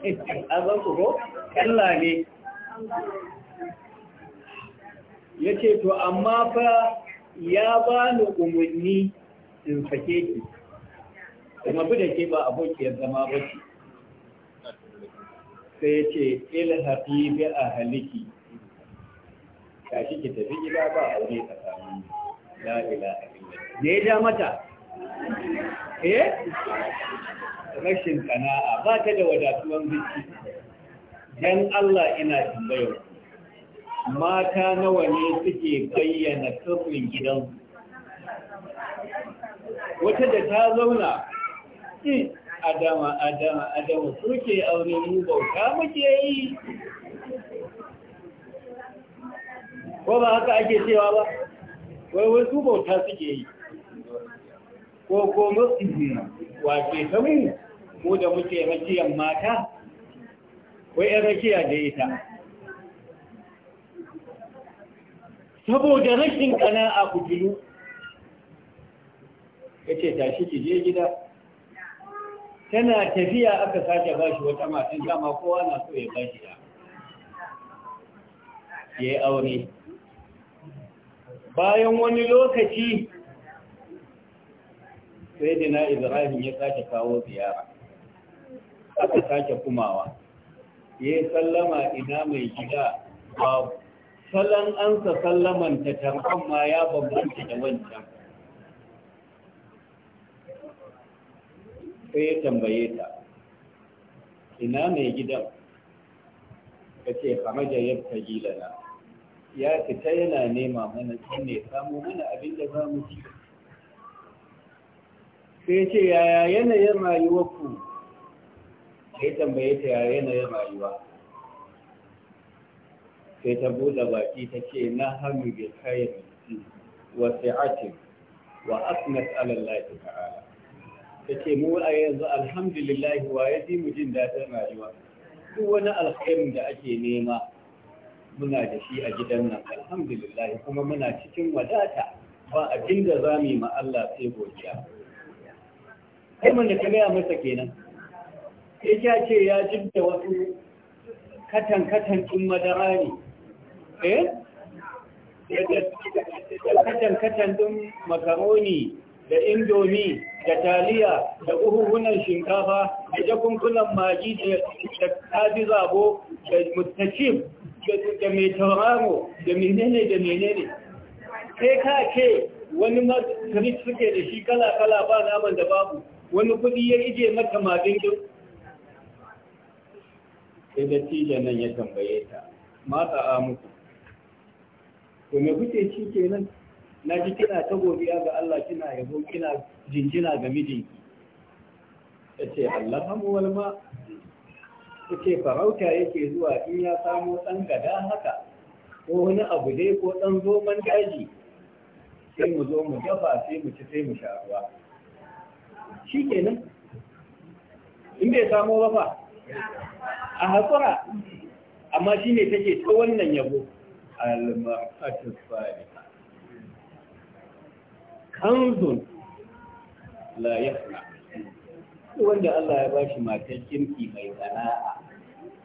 S1: a zan ko Allah ne ya ce to amma fa ya ba ni umarni in sake ki kuma bude ke ba abokiyar zama ba ce sai ya ce ilhafi bi a haliki ta ki tafi gida ba aure samu la ilaha illallah ne ya mata
S2: eh rashin
S1: kana'a ba ta da wadatuwan zuci dan Allah ina tambayar mata nawa ne suke bayyana sirrin gidan?
S2: wata da ta zauna in eh,
S1: adama adama adama suke aure mu bauta
S2: muke yi ko ba haka ake cewa ba
S1: wai wai su bauta suke yi ko kuma wace ta mu mu da muke rakiyar mata wai yan rakiya da ita saboda rashin kana'a ku jiru, ya ce tashi ki je gida tana tafiya aka sake ba shi wata matan dama kowa na so ya ba shi ya yi aure bayan wani lokaci sai dina ibrahim ya sake kawo ziyara aka sake kumawa ya yi sallama ina mai gida babu salon ansa sallamanta tarhon ma ya bambanta da wancan sai ya tambaye ta ina mai gidan ka ce hamaja ya taji lana ya fita yana nema mana can ne samu mana abin da za mu ci sai ce yaya yanayin rayuwarku ya tambaye ta yaya yanayin rayuwa sai ta buɗe baki ta ce na hannu bi khairi wa sa'atin wa asnat ala Allah ta'ala ta ce mu a yanzu alhamdulillah wa ya ji mu jin daɗin rayuwa duk wani alkhairin da ake nema muna da shi a gidan nan alhamdulillah kuma muna cikin wadata ba abin da za mu yi ma Allah sai godiya kai mun da ka gaya masa kenan sai ya ce ya jidda wasu katan-katan ɗin madara ne eh katan kacan ɗin makaroni da indomi da taliya da uhuhunan shinkafa da jakunkunan maji da kaji zabo da mutacif da mai tauraro da menene da menene
S2: sai ka ke
S1: wani makaroni suke da shi kala-kala ba naman da babu wani kudi ya ije mata magingin sai da tijanan ya tambaye ta mata muku to me kuke ci kenan na ji kina ta godiya ga Allah kina yabo kina jinjina ga mijinki ta ce Allah wal ma ta ce farauta yake zuwa in ya samo ɗan gada haka ko wani abu dai ko ɗan zoman daji sai mu zo mu dafa sai mu ci sai mu sha ruwa shi kenan in bai samo ba fa
S2: a hakura
S1: amma shi ne take ta wannan yabo المرأة الصالحة kanzun la yahla wanda Allah ya bashi matar kirki mai sana'a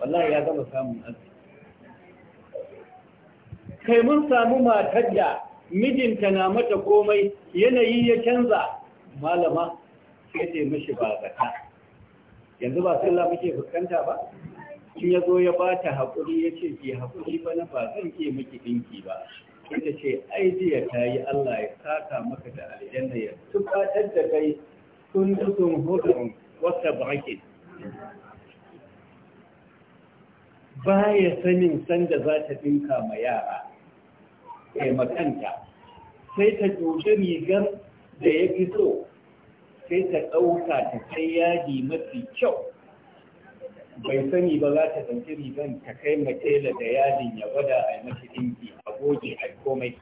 S1: wallahi ya gama samun arziki kai mun samu matar da mijinta na mata komai yanayi ya canza malama sai ce mishi ba zaka yanzu ba sallah muke fuskanta ba in ya zo ya ba ta haƙuri ya ce ke haƙuri ba na ba zan ke miki ɗinki ba ita ce ai jiya ta yi Allah ya saka maka da aljanna ya su tufatar da kai sun sun hudun wata bakin ba ya sanin sanda za ta ɗinka ma yara makanta sai ta ɗauki rigar da ya fi so sai ta ɗauka ta kai yadi mafi kyau bai sani ba za ta ɗauki rigan ta kai matela da yadin ya gwada a mashi dinki a goge a komai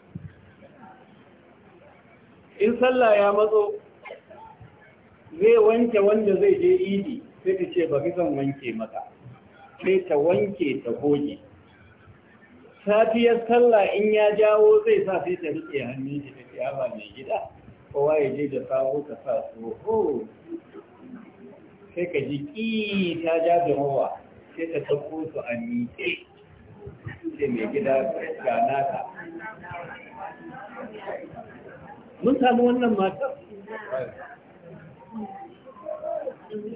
S1: in sallah ya matso zai wanke wanda zai je idi sai ta ce ba fi zan wanke maka sai ta wanke ta goge safiyar sallah in ya jawo zai sa sai ta riƙe hannun shi ta ba mai gida kowa ya je da sawo ta sa tsoho sai ka ji ƙi ta ja da mawa sai ta sauko su a miƙe
S2: sai mai gida ga nata mun samu wannan mata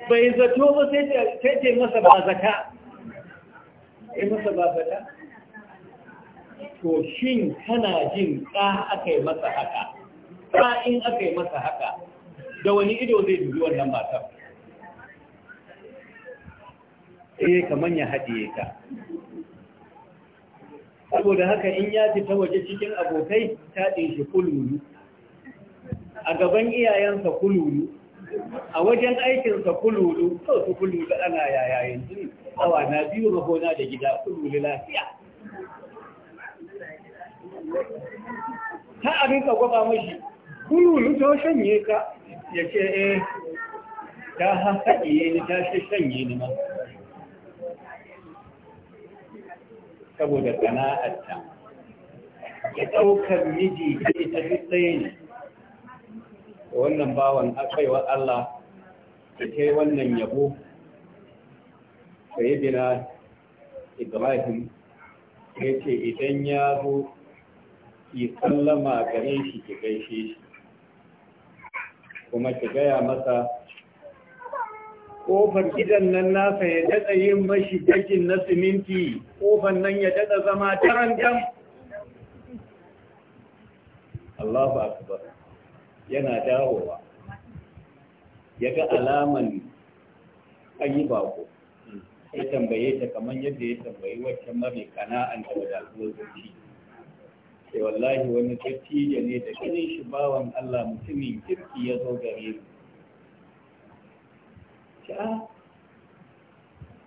S2: bai zato ba sai ce masa ba zata masa ba zata
S1: to shin kana jin ka aka yi masa haka ka in aka yi masa haka da wani ido zai dubi wannan matar
S2: sai eh, kamar ya
S1: haɗiye ka saboda haka in ya fita waje cikin abokai ta shi kululu a gaban iyayensa kululu a wajen aikinsa kululu sau su kululu ana yayayen yanzu awa na biyu mahona da gida kululu lafiya ta abin ka gwaba mashi kululu ta shanye ka ya ce eh
S2: ta haƙaƙiye ni ta
S1: shanye ni ma saboda sana'arta ya ɗaukar miji ta ita tsaye ne wannan bawan akaiwa Allah ta ce wannan yabo bina ibrahim ya ce idan ya zo ki sallama gare shi ki gaishe shi kuma ki gaya masa kofar gidan nan nasa ya daɗa yin mashi dakin na siminti kofar nan ya daɗa zama tarantan Allahu akbar yana dawowa ya ga alaman ayi bako ya tambaye ta kamar yadda ya tambayi wacce mare kana'an da wadatuwar zuci sai wallahi wani dattijo ne da ganin shi bawan Allah mutumin kirki ya zo gare mu ce ah,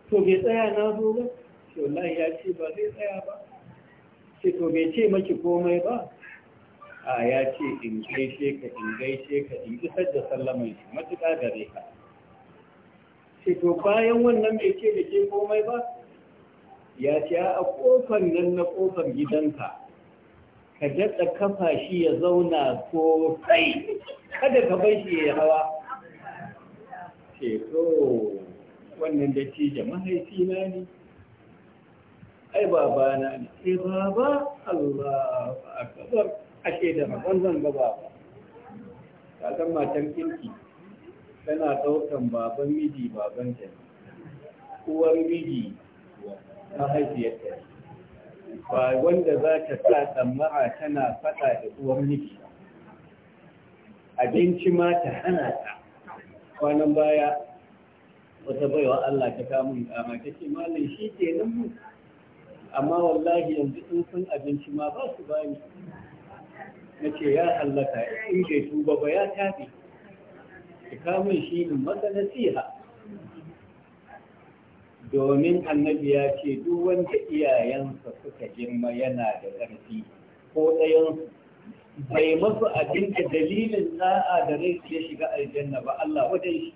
S1: to bai tsaya na zo ba ce ya ce ba zai tsaya ba to bai ce maki komai ba a ya ce in gaishe ka in gaishe ka in isar da sallaman shi matuƙa gare ka ce to bayan wannan bai ce da ke komai ba ya ce a ƙofar nan na ƙofar gidanka ka daɗa kafa shi ya zauna
S2: sosai kada ka bai shi ya hawa ce
S1: wannan da mahaifina ne ai eh, baba na ne ai baba Allah akbar ashe da wannan ga baba Kasan matan kirki tana daukan baban miji baban ta uwar miji ta ba wanda za ta sa tsammara tana faɗa da uwar miji abinci ma ta hana ta kwanan baya wata baiwa Allah ta kamun kama ta ce malam shi ke nan amma wallahi yanzu in sun abinci ma ba su bani
S2: na ce ya hallaka in ke
S1: tuba ba ya tafi ta kamun shi in masa nasiha domin annabi ya ce duk wanda iyayensa suka girma yana da ƙarfi ko ɗayansu bai masu abin da dalilin sa'a da rai ya shiga aljanna ba Allah wajen shi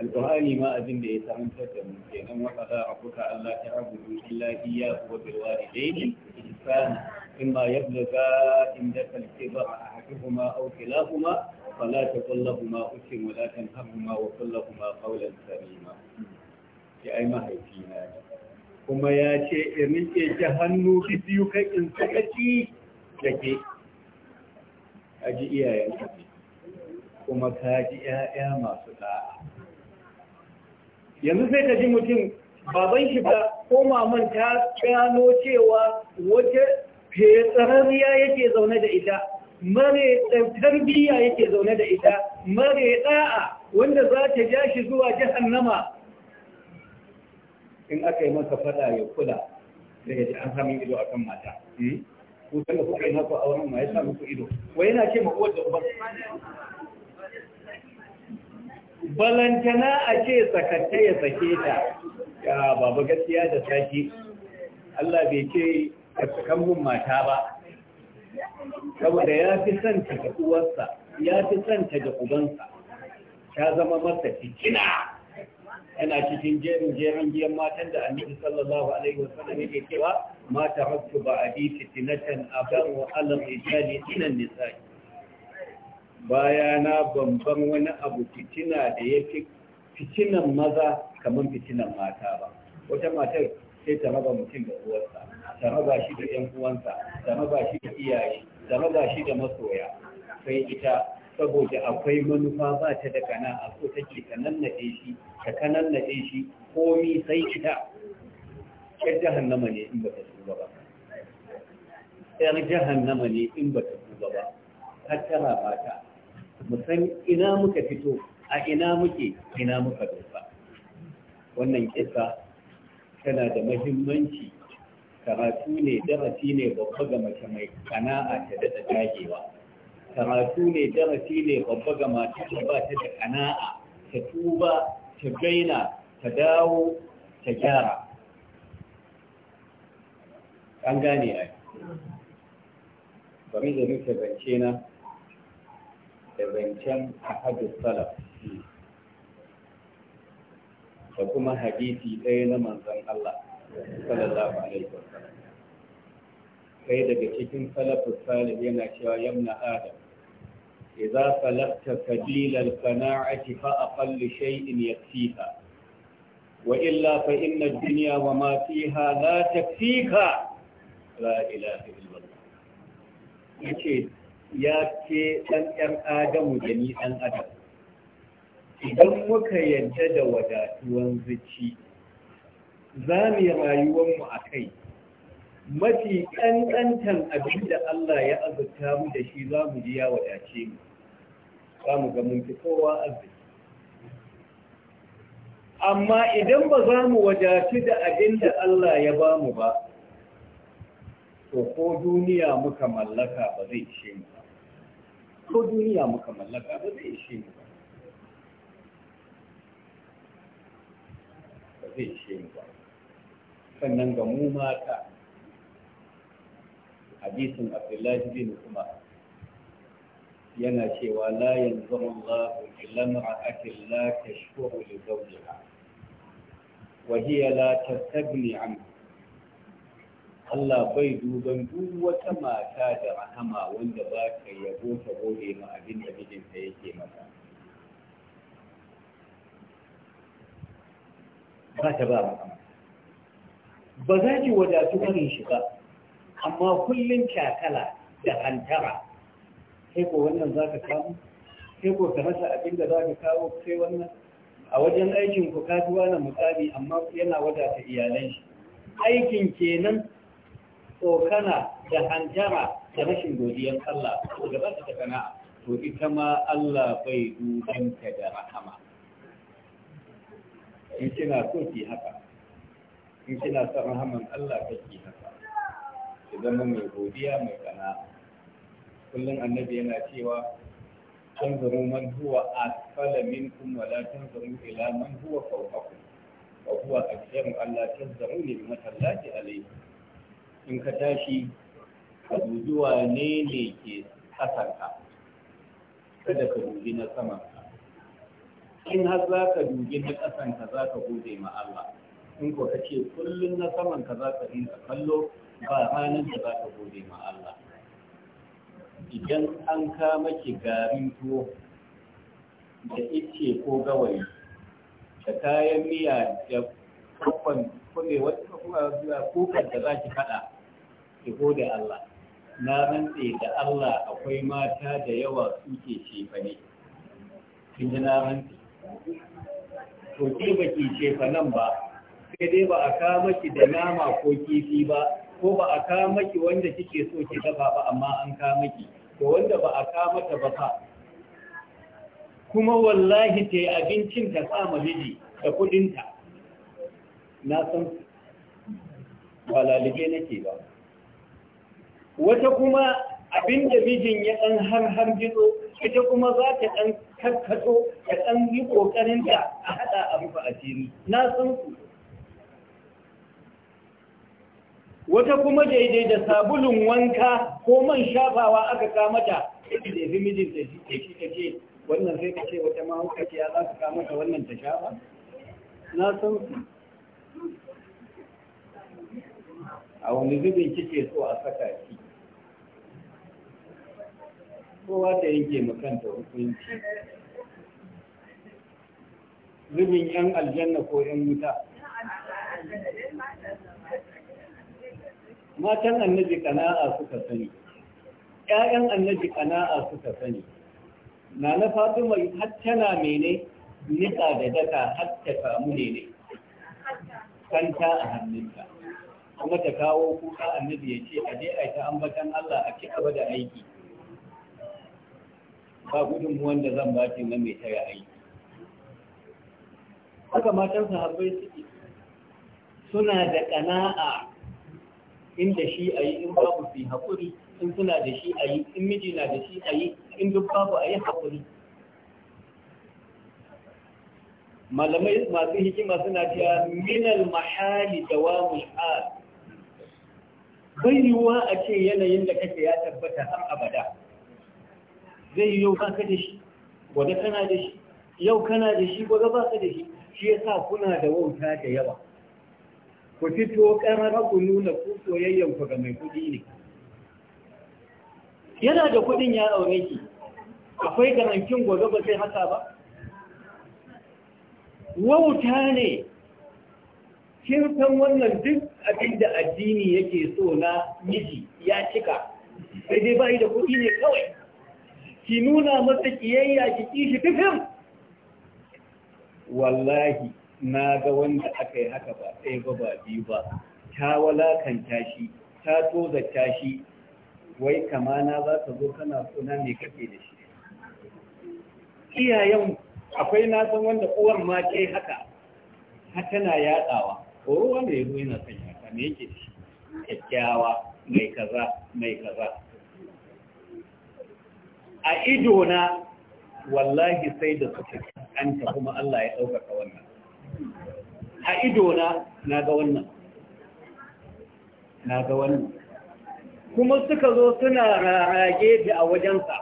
S1: alƙur'ani ma abin da ya karantar da mu kenan wa qada rabbuka alla ta'budu illa iyyahu wa bil walidayni ihsana imma yablugha indaka al-kibra ahaduhuma aw kilahuma fala taqul lahumā uff wa la tanharhumā wa qul lahumā qawlan sadīdā ya ai mahaifina ne kuma ya ce irin ke ta hannu biyu kai in da ke a ji iyayen kuma ka ji 'ya'ya masu ta'a. yanzu sai ka ji mutum baban shi ba ko maman ta gano cewa wata fetsarariya yake zaune da ita mare tarbiyya yake zaune da ita mare ɗa'a wanda za ta ja shi zuwa nama in aka yi masa fada ya kula da ya ji an sami ido akan mata ko hmm? sai ku yi naku a wurin ma ya sa muku ido wai yana ce ma uwar da uban balantana a ce sakatta ya sake ta ya baba gaskiya da saki Allah bai ce a cikin mun mata ba
S2: saboda ya
S1: fi son ta da uwarsa ya fi son ta ga ubansa ta zama masa cikina yana cikin jerin jerin biyan matan da annabi sallallahu alaihi wasallam yake cewa ma taraktu ba'di fitnatan aban wa alam ijali inan nisa'i baya bamban wani abu fitina da yake fitinan maza kamar fitinan mata ba wata matar sai ta raba mutum da uwarsa ta raba shi da yan uwansa ta raba shi da iyaye ta raba shi da masoya sai ita saboda akwai manufa ba ta da kana a so take ta nannaɗe shi ta kanannaɗe shi komi sai ita yar jahannama ne in ba ta tuba ba yar jahannama ne in ba ta tuba ba tattara ba ta san ina muka fito a ina muke ina muka dosa wannan kisa tana da mahimmanci karatu ne darasi ne babba ga mace mai kana'a ta daɗa dagewa karatu ne darasi ne babba ga mata da ba ta da kana'a ta tuba ta gaina ta dawo ta gyara an gane ai bari da nufi bance na da a salaf da kuma hadisi ɗaya na manzon Allah sallallahu alaihi wasallam sai daga cikin salafus salih yana cewa yamna adam إذا طلبت سبيل القناعة فأقل شيء يكفيها وإلا فإن الدنيا وما فيها لا تكفيك لا إله إلا الله yace ya ce ɗan ‘yan adamu da ni ɗan adam idan muka yadda da wadatuwan zuci za mu yi rayuwarmu a kai mafi ƙanƙantan abin da Allah ya azurta mu da shi za mu ji ya wadace mu za mu ga mun fi kowa arziki amma idan ba za mu wadaci da abin da Allah ya ba mu ba to ko duniya muka mallaka ba zai ishe mu ba ko duniya muka mallaka ba zai ishe mu ba ba zai ishe mu ba sannan ga mu mata hadisin abdullahi bin kuma yana cewa la yanzu Allah illa mar'atin la tashkuru li zawjiha wa hiya la tastabni anhu Allah bai duban duk wata mata da rahama wanda ba ta yabo ta gode ma abin da mijinta yake mata ba ta ba ba za ki wadatu karin shi ba amma kullum shakala da hantara sai ko wannan za ka kawo sai ko ka rasa abin da za ka kawo sai wannan a wajen aikin ku kasuwa na mukami amma yana wadata iyalan shi aikin kenan tsokana da hantara da rashin godiyar Allah ko gaba ta kana to ita ma Allah bai ta da rahama in kina so ki haka in kina son rahaman Allah kake haka ya zama mai godiya mai kana kullum annabi yana cewa tanzuru man huwa asfala minkum wa la tanzuru ila man huwa fawqakum wa huwa ajdaru Allah tanzuru li matallati alayhi in ka tashi ka dubi wane ne ke kasanka kada ka dubi na saman in har za ka dubi na kasanka za ka gode ma Allah in ko ka ce kullum na saman ka za ka dinka kallo ba ranar da ba ka gode ma Allah idan an kama ki garin tuwo da ice ko gawayi da kayan miya da kwan kome wata kofar da za ki faɗa, ki gode Allah na rantse da Allah akwai mata da yawa suke shefa ne kin ji na rantse to ke baki shefa nan ba sai dai ba a kama ki da nama ko kifi ba ko ba a ka maki wanda kike so ki dafa ba amma an ka maki to wanda ba a ka ba fa kuma wallahi ta yi abincin ta sama miji da kudinta na san ba nake ba wata kuma abinda mijin ya ɗan har har gizo ita kuma za ta ɗan karkato ta ɗan yi ƙoƙarinta a haɗa abu ba a jini na san su wata kuma daidai da sabulun wanka ko man shafawa aka kamata ita da fi mijin da shi take ta ce wannan sai ka ce wata mahauka ce ya za ka kamata wannan ta shafa na san su a wani zubin kike so a saka shi kowa ta yanke makanta hukunci zubin yan aljanna ko yan wuta matan annabi kana'a suka sani ƴaƴan annabi kana'a suka sani na na fatima har tana mene nika da daka har ta ne ne kanta a hannunta kuma ta kawo kuka annabi ya ce a je a ta ambatan Allah a ci gaba da aiki ba gudun wanda zan ba ce na mai taya aiki haka matan sahabbai suke suna da kana'a in da shi a yi in babu fi haƙuri in suna da shi a yi in miji na da shi a yi in duk babu a yi haƙuri malamai masu hikima suna cewa minal mahali da wa mul'ad bai yiwuwa a ce yanayin da kake ya tabbata har abada zai yi yau ba ka da shi gobe kana da shi yau kana da shi gobe ba ka da shi shi sa kuna da wauta da yawa ku fito ƙarara ku nuna ku soyayyen ga mai kuɗi ne yana da kuɗin ya aure ki akwai garankin gobe ba sai haka ba wauta ne kin wannan duk abin da addini yake so na miji ya cika sai dai bai da kuɗi ne kawai ki nuna masa kiyayya ki kishi dukkan wallahi na ga wanda aka yi haka ba ɗaya ba ba biyu ba ta walakanta shi ta toza shi wai kama na za ka zo kana suna me kake da shi iyayen akwai na wanda uwar ma ke haka ha tana yaɗawa ruwa mai ruwa yana son yaka me yake shi kyakkyawa mai kaza mai kaza a idona wallahi sai da suka kanta kuma Allah ya ɗaukaka wannan a idona na ga wannan na ga wannan kuma suka zo suna rarrage da a wajensa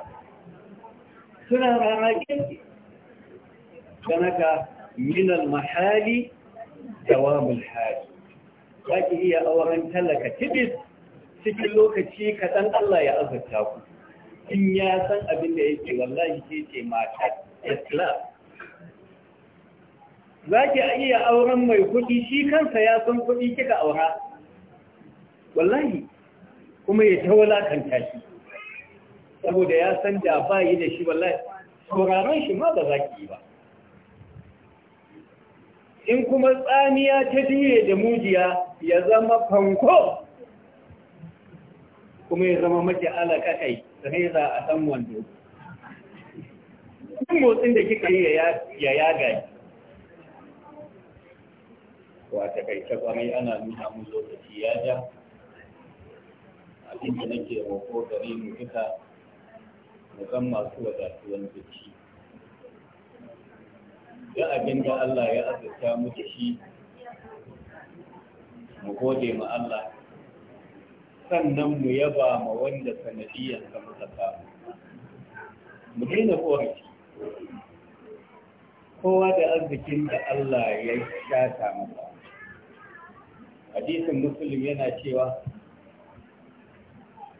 S1: suna rarrage da don haka minal mahali jawamul hali za ki iya auren talaka tibis cikin lokaci kaɗan Allah ya azurta ku in ya san abin da yake wallahi ce ce mata islam za ki iya auren mai kuɗi shi kansa ya san kuɗi kika aura wallahi kuma ya ta kan tashi saboda ya san da ba yi da shi wallahi sauraron shi ma ba za ki yi ba in kuma tsamiya ta juye da mujiya ya zama fanko kuma ya zama mace alaƙa kai reza a san wando. Kun motsin da kika yi ya yaga Wa ta kai ta kwarai ana nuna mun lokaci ya ja abin da nake roƙo gare mu duka mu kan masu wadatuwan zuci
S2: da abin da Allah ya azurta mu da shi mu gode ma
S1: Allah sannan mu yaba ma wanda sanadiyar ka muka samu mu daina ƙorafi. kowa da arzikin da Allah ya shata masa hadisin musulun yana cewa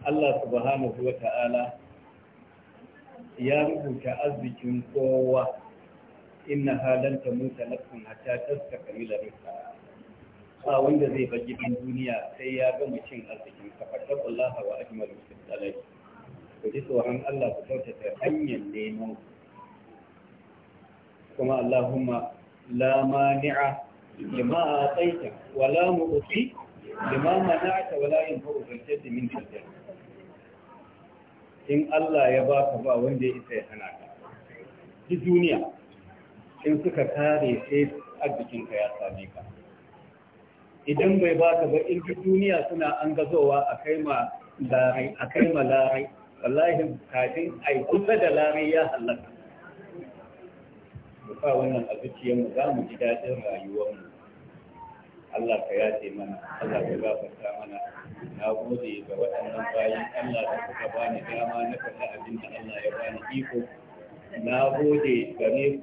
S1: Allah subhanahu wa ta'ala ya rubuta arzikin kowa inna halanta muta nafsun hatta taska kamilar rufa ba wanda zai bar gidan duniya sai ya gama cin arzikin ka fattaqullaha wa ajmalu rufin ku ji tsoron Allah ku kyautata hanyar neman kuma Allahumma la mani'a lima a tsaita wala mu ofi lima mana'ata wala yin fa'o zarce min jirgin. in Allah ya baka ba wanda ya isa ya hana ka duk duniya in suka kare sai arzikinka ya same ka idan bai baka ba in duk duniya suna an gazowa a kai ma larai wallahi kafin a yi kusa da larai ya halaka mu sa wannan a mu za mu ji daɗin rayuwarmu Allah ka yace mana Allah ka gafarta mana na gode ga waɗannan bayan Allah da suka bani dama na kalla abin da Allah ya bani iko
S2: na gode
S1: game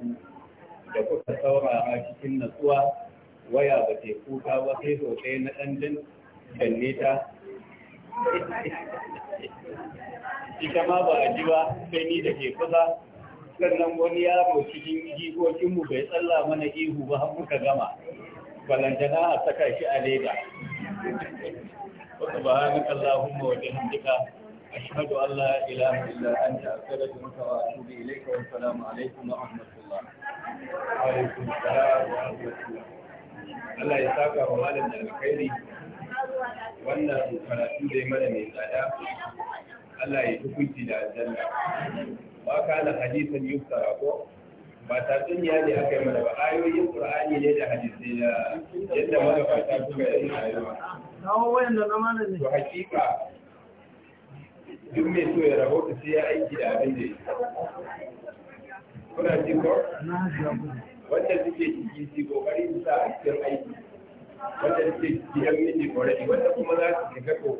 S1: ku da kuka saurara cikin natsuwa waya ba ta kuka ba sai sosai na ɗan danne ta
S2: ita ma ba a ji ba
S1: sai ni da ke kusa sannan wani yaro cikin jikokinmu bai tsalla mana ihu ba har muka gama balantana a saka shi a leda
S2: wata ba hannun Allahumma wa
S1: bihamdika a an la
S2: Allah ya saka wa malam da alkhairi wannan karatu dai mana
S1: mai tsada Allah ya hukunci da aljanna ma kana hadisan yuftara ko ba ta tatsuniya ne aka yi mana ba ayoyin qur'ani ne da hadisi da yadda ta suka yi rayuwa to hakika duk mai so ya rahoto sai ya aiki da abin da
S2: ya kuna ji ko
S1: wanda suke ciki su kokari su sa a cikin aiki wanda suke ciki yan miji already wanda kuma za su shiga ko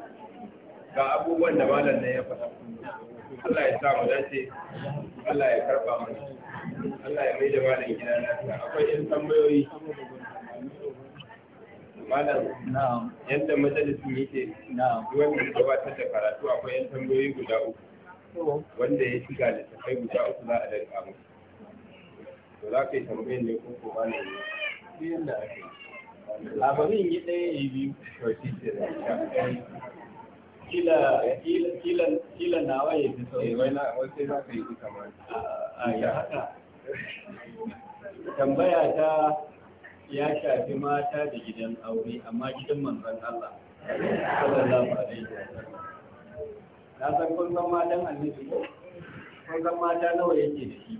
S1: ga abubuwan da malam ya
S2: faɗa Allah ya sa mu dace Allah ya karba mu Allah ya mai da malam gida lafiya akwai yan tambayoyi malam na'am yanda
S1: majalisin yake na'am wanda gabatar da karatu akwai yan tambayoyi guda uku wanda ya shiga littattafai guda uku za a danka mu to za ka yi tambayar ne ko ko malam ne yanda ake a bari yi ɗaya yi biyu to shi ke da kila kila kila nawa ya fi sauri eh, wai na wai sai za ka yi ita ma a ya haka tambaya ta ya shafi mata da gidan aure amma gidan manzon Allah sallallahu alaihi wasallam na san kun san matan annabi ko kun san mata nawa yake da shi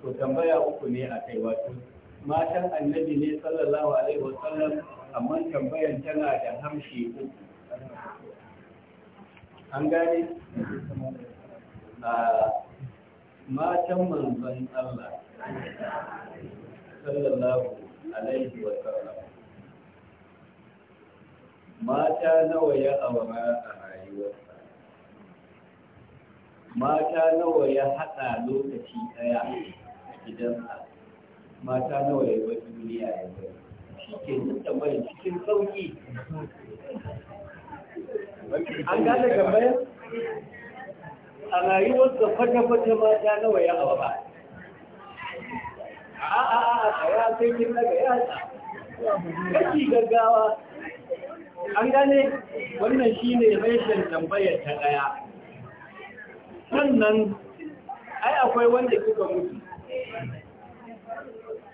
S1: to tambaya uku ne a kai wato matan annabi ne sallallahu alaihi wasallam amma tambayan tana da hamshi uku an gane a matan manzon Allah sallallahu alaihi wa sallam mata nawa ya aura a rayuwarsa mata nawa ya haɗa lokaci ɗaya a gidansa mata nawa ya bar duniya ya bar shi ke nuna mai cikin sauƙi
S2: an gane gambaya a da fata-fata
S1: mata nawa ya hawa ba
S2: a a a a ya sai kin daga ya kashi gaggawa an gane wannan shi ne rashin
S1: tambayar ta daya sannan ai akwai wanda suka mutu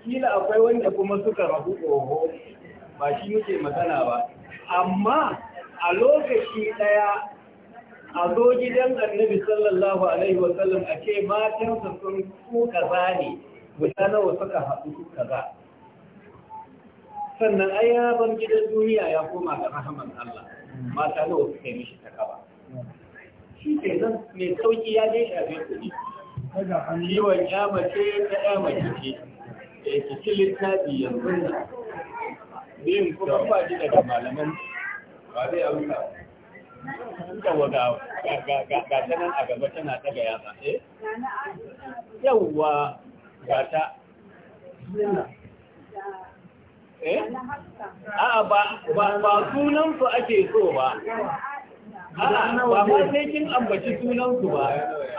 S1: kila akwai wanda kuma suka rahu oho ba shi muke magana ba amma a lokaci ɗaya a zo gidan annabi sallallahu alaihi wa sallam, a ce matansa sun ku kaza ne guda nawa suka haɗu su kaza sannan ai ya gidan duniya ya koma ga rahaman Allah mata nawa suka yi mishi ta kaba shi ke nan mai sauki ya dai shafe kuɗi ciwon ya mace ta ya mace ce da eh, ya ci littafi yanzu nan.
S2: Biyun kuma ba ji daga malaman yawa ga tanan a gaba
S1: tana daga yatsa eh yawa ga ta eh a'a ba ba sunan ake so ba
S2: a'a ba ma sai kin ambaci sunan ba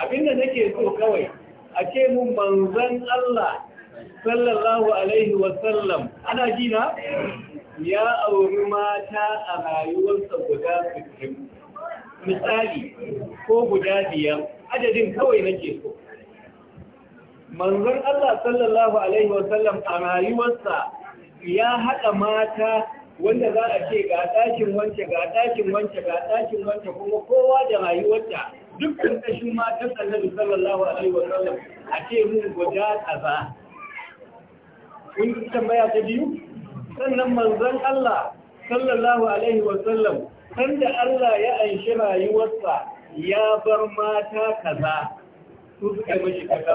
S1: abinda nake so kawai a ce mun manzon Allah sallallahu alaihi wasallam ana jina ya auri mata a rayuwarsa guda 60 misali
S2: ko guda
S1: biyar adadin kawai nake so manzon Allah sallallahu alaihi wasallam a rayuwarsa ya haɗa mata wanda za a ce ga ɗakin wance ga ɗakin wance ga ɗakin wance kuma kowa da rayuwarta dukkan kashin matan annabi sallallahu alaihi wasallam a ce mun guda kaza kun tambaya ta biyu sannan manzon Allah sallallahu alaihi wa sallam sanda Allah ya anshi rayuwarsa ya bar mata kaza su suka mishi kaza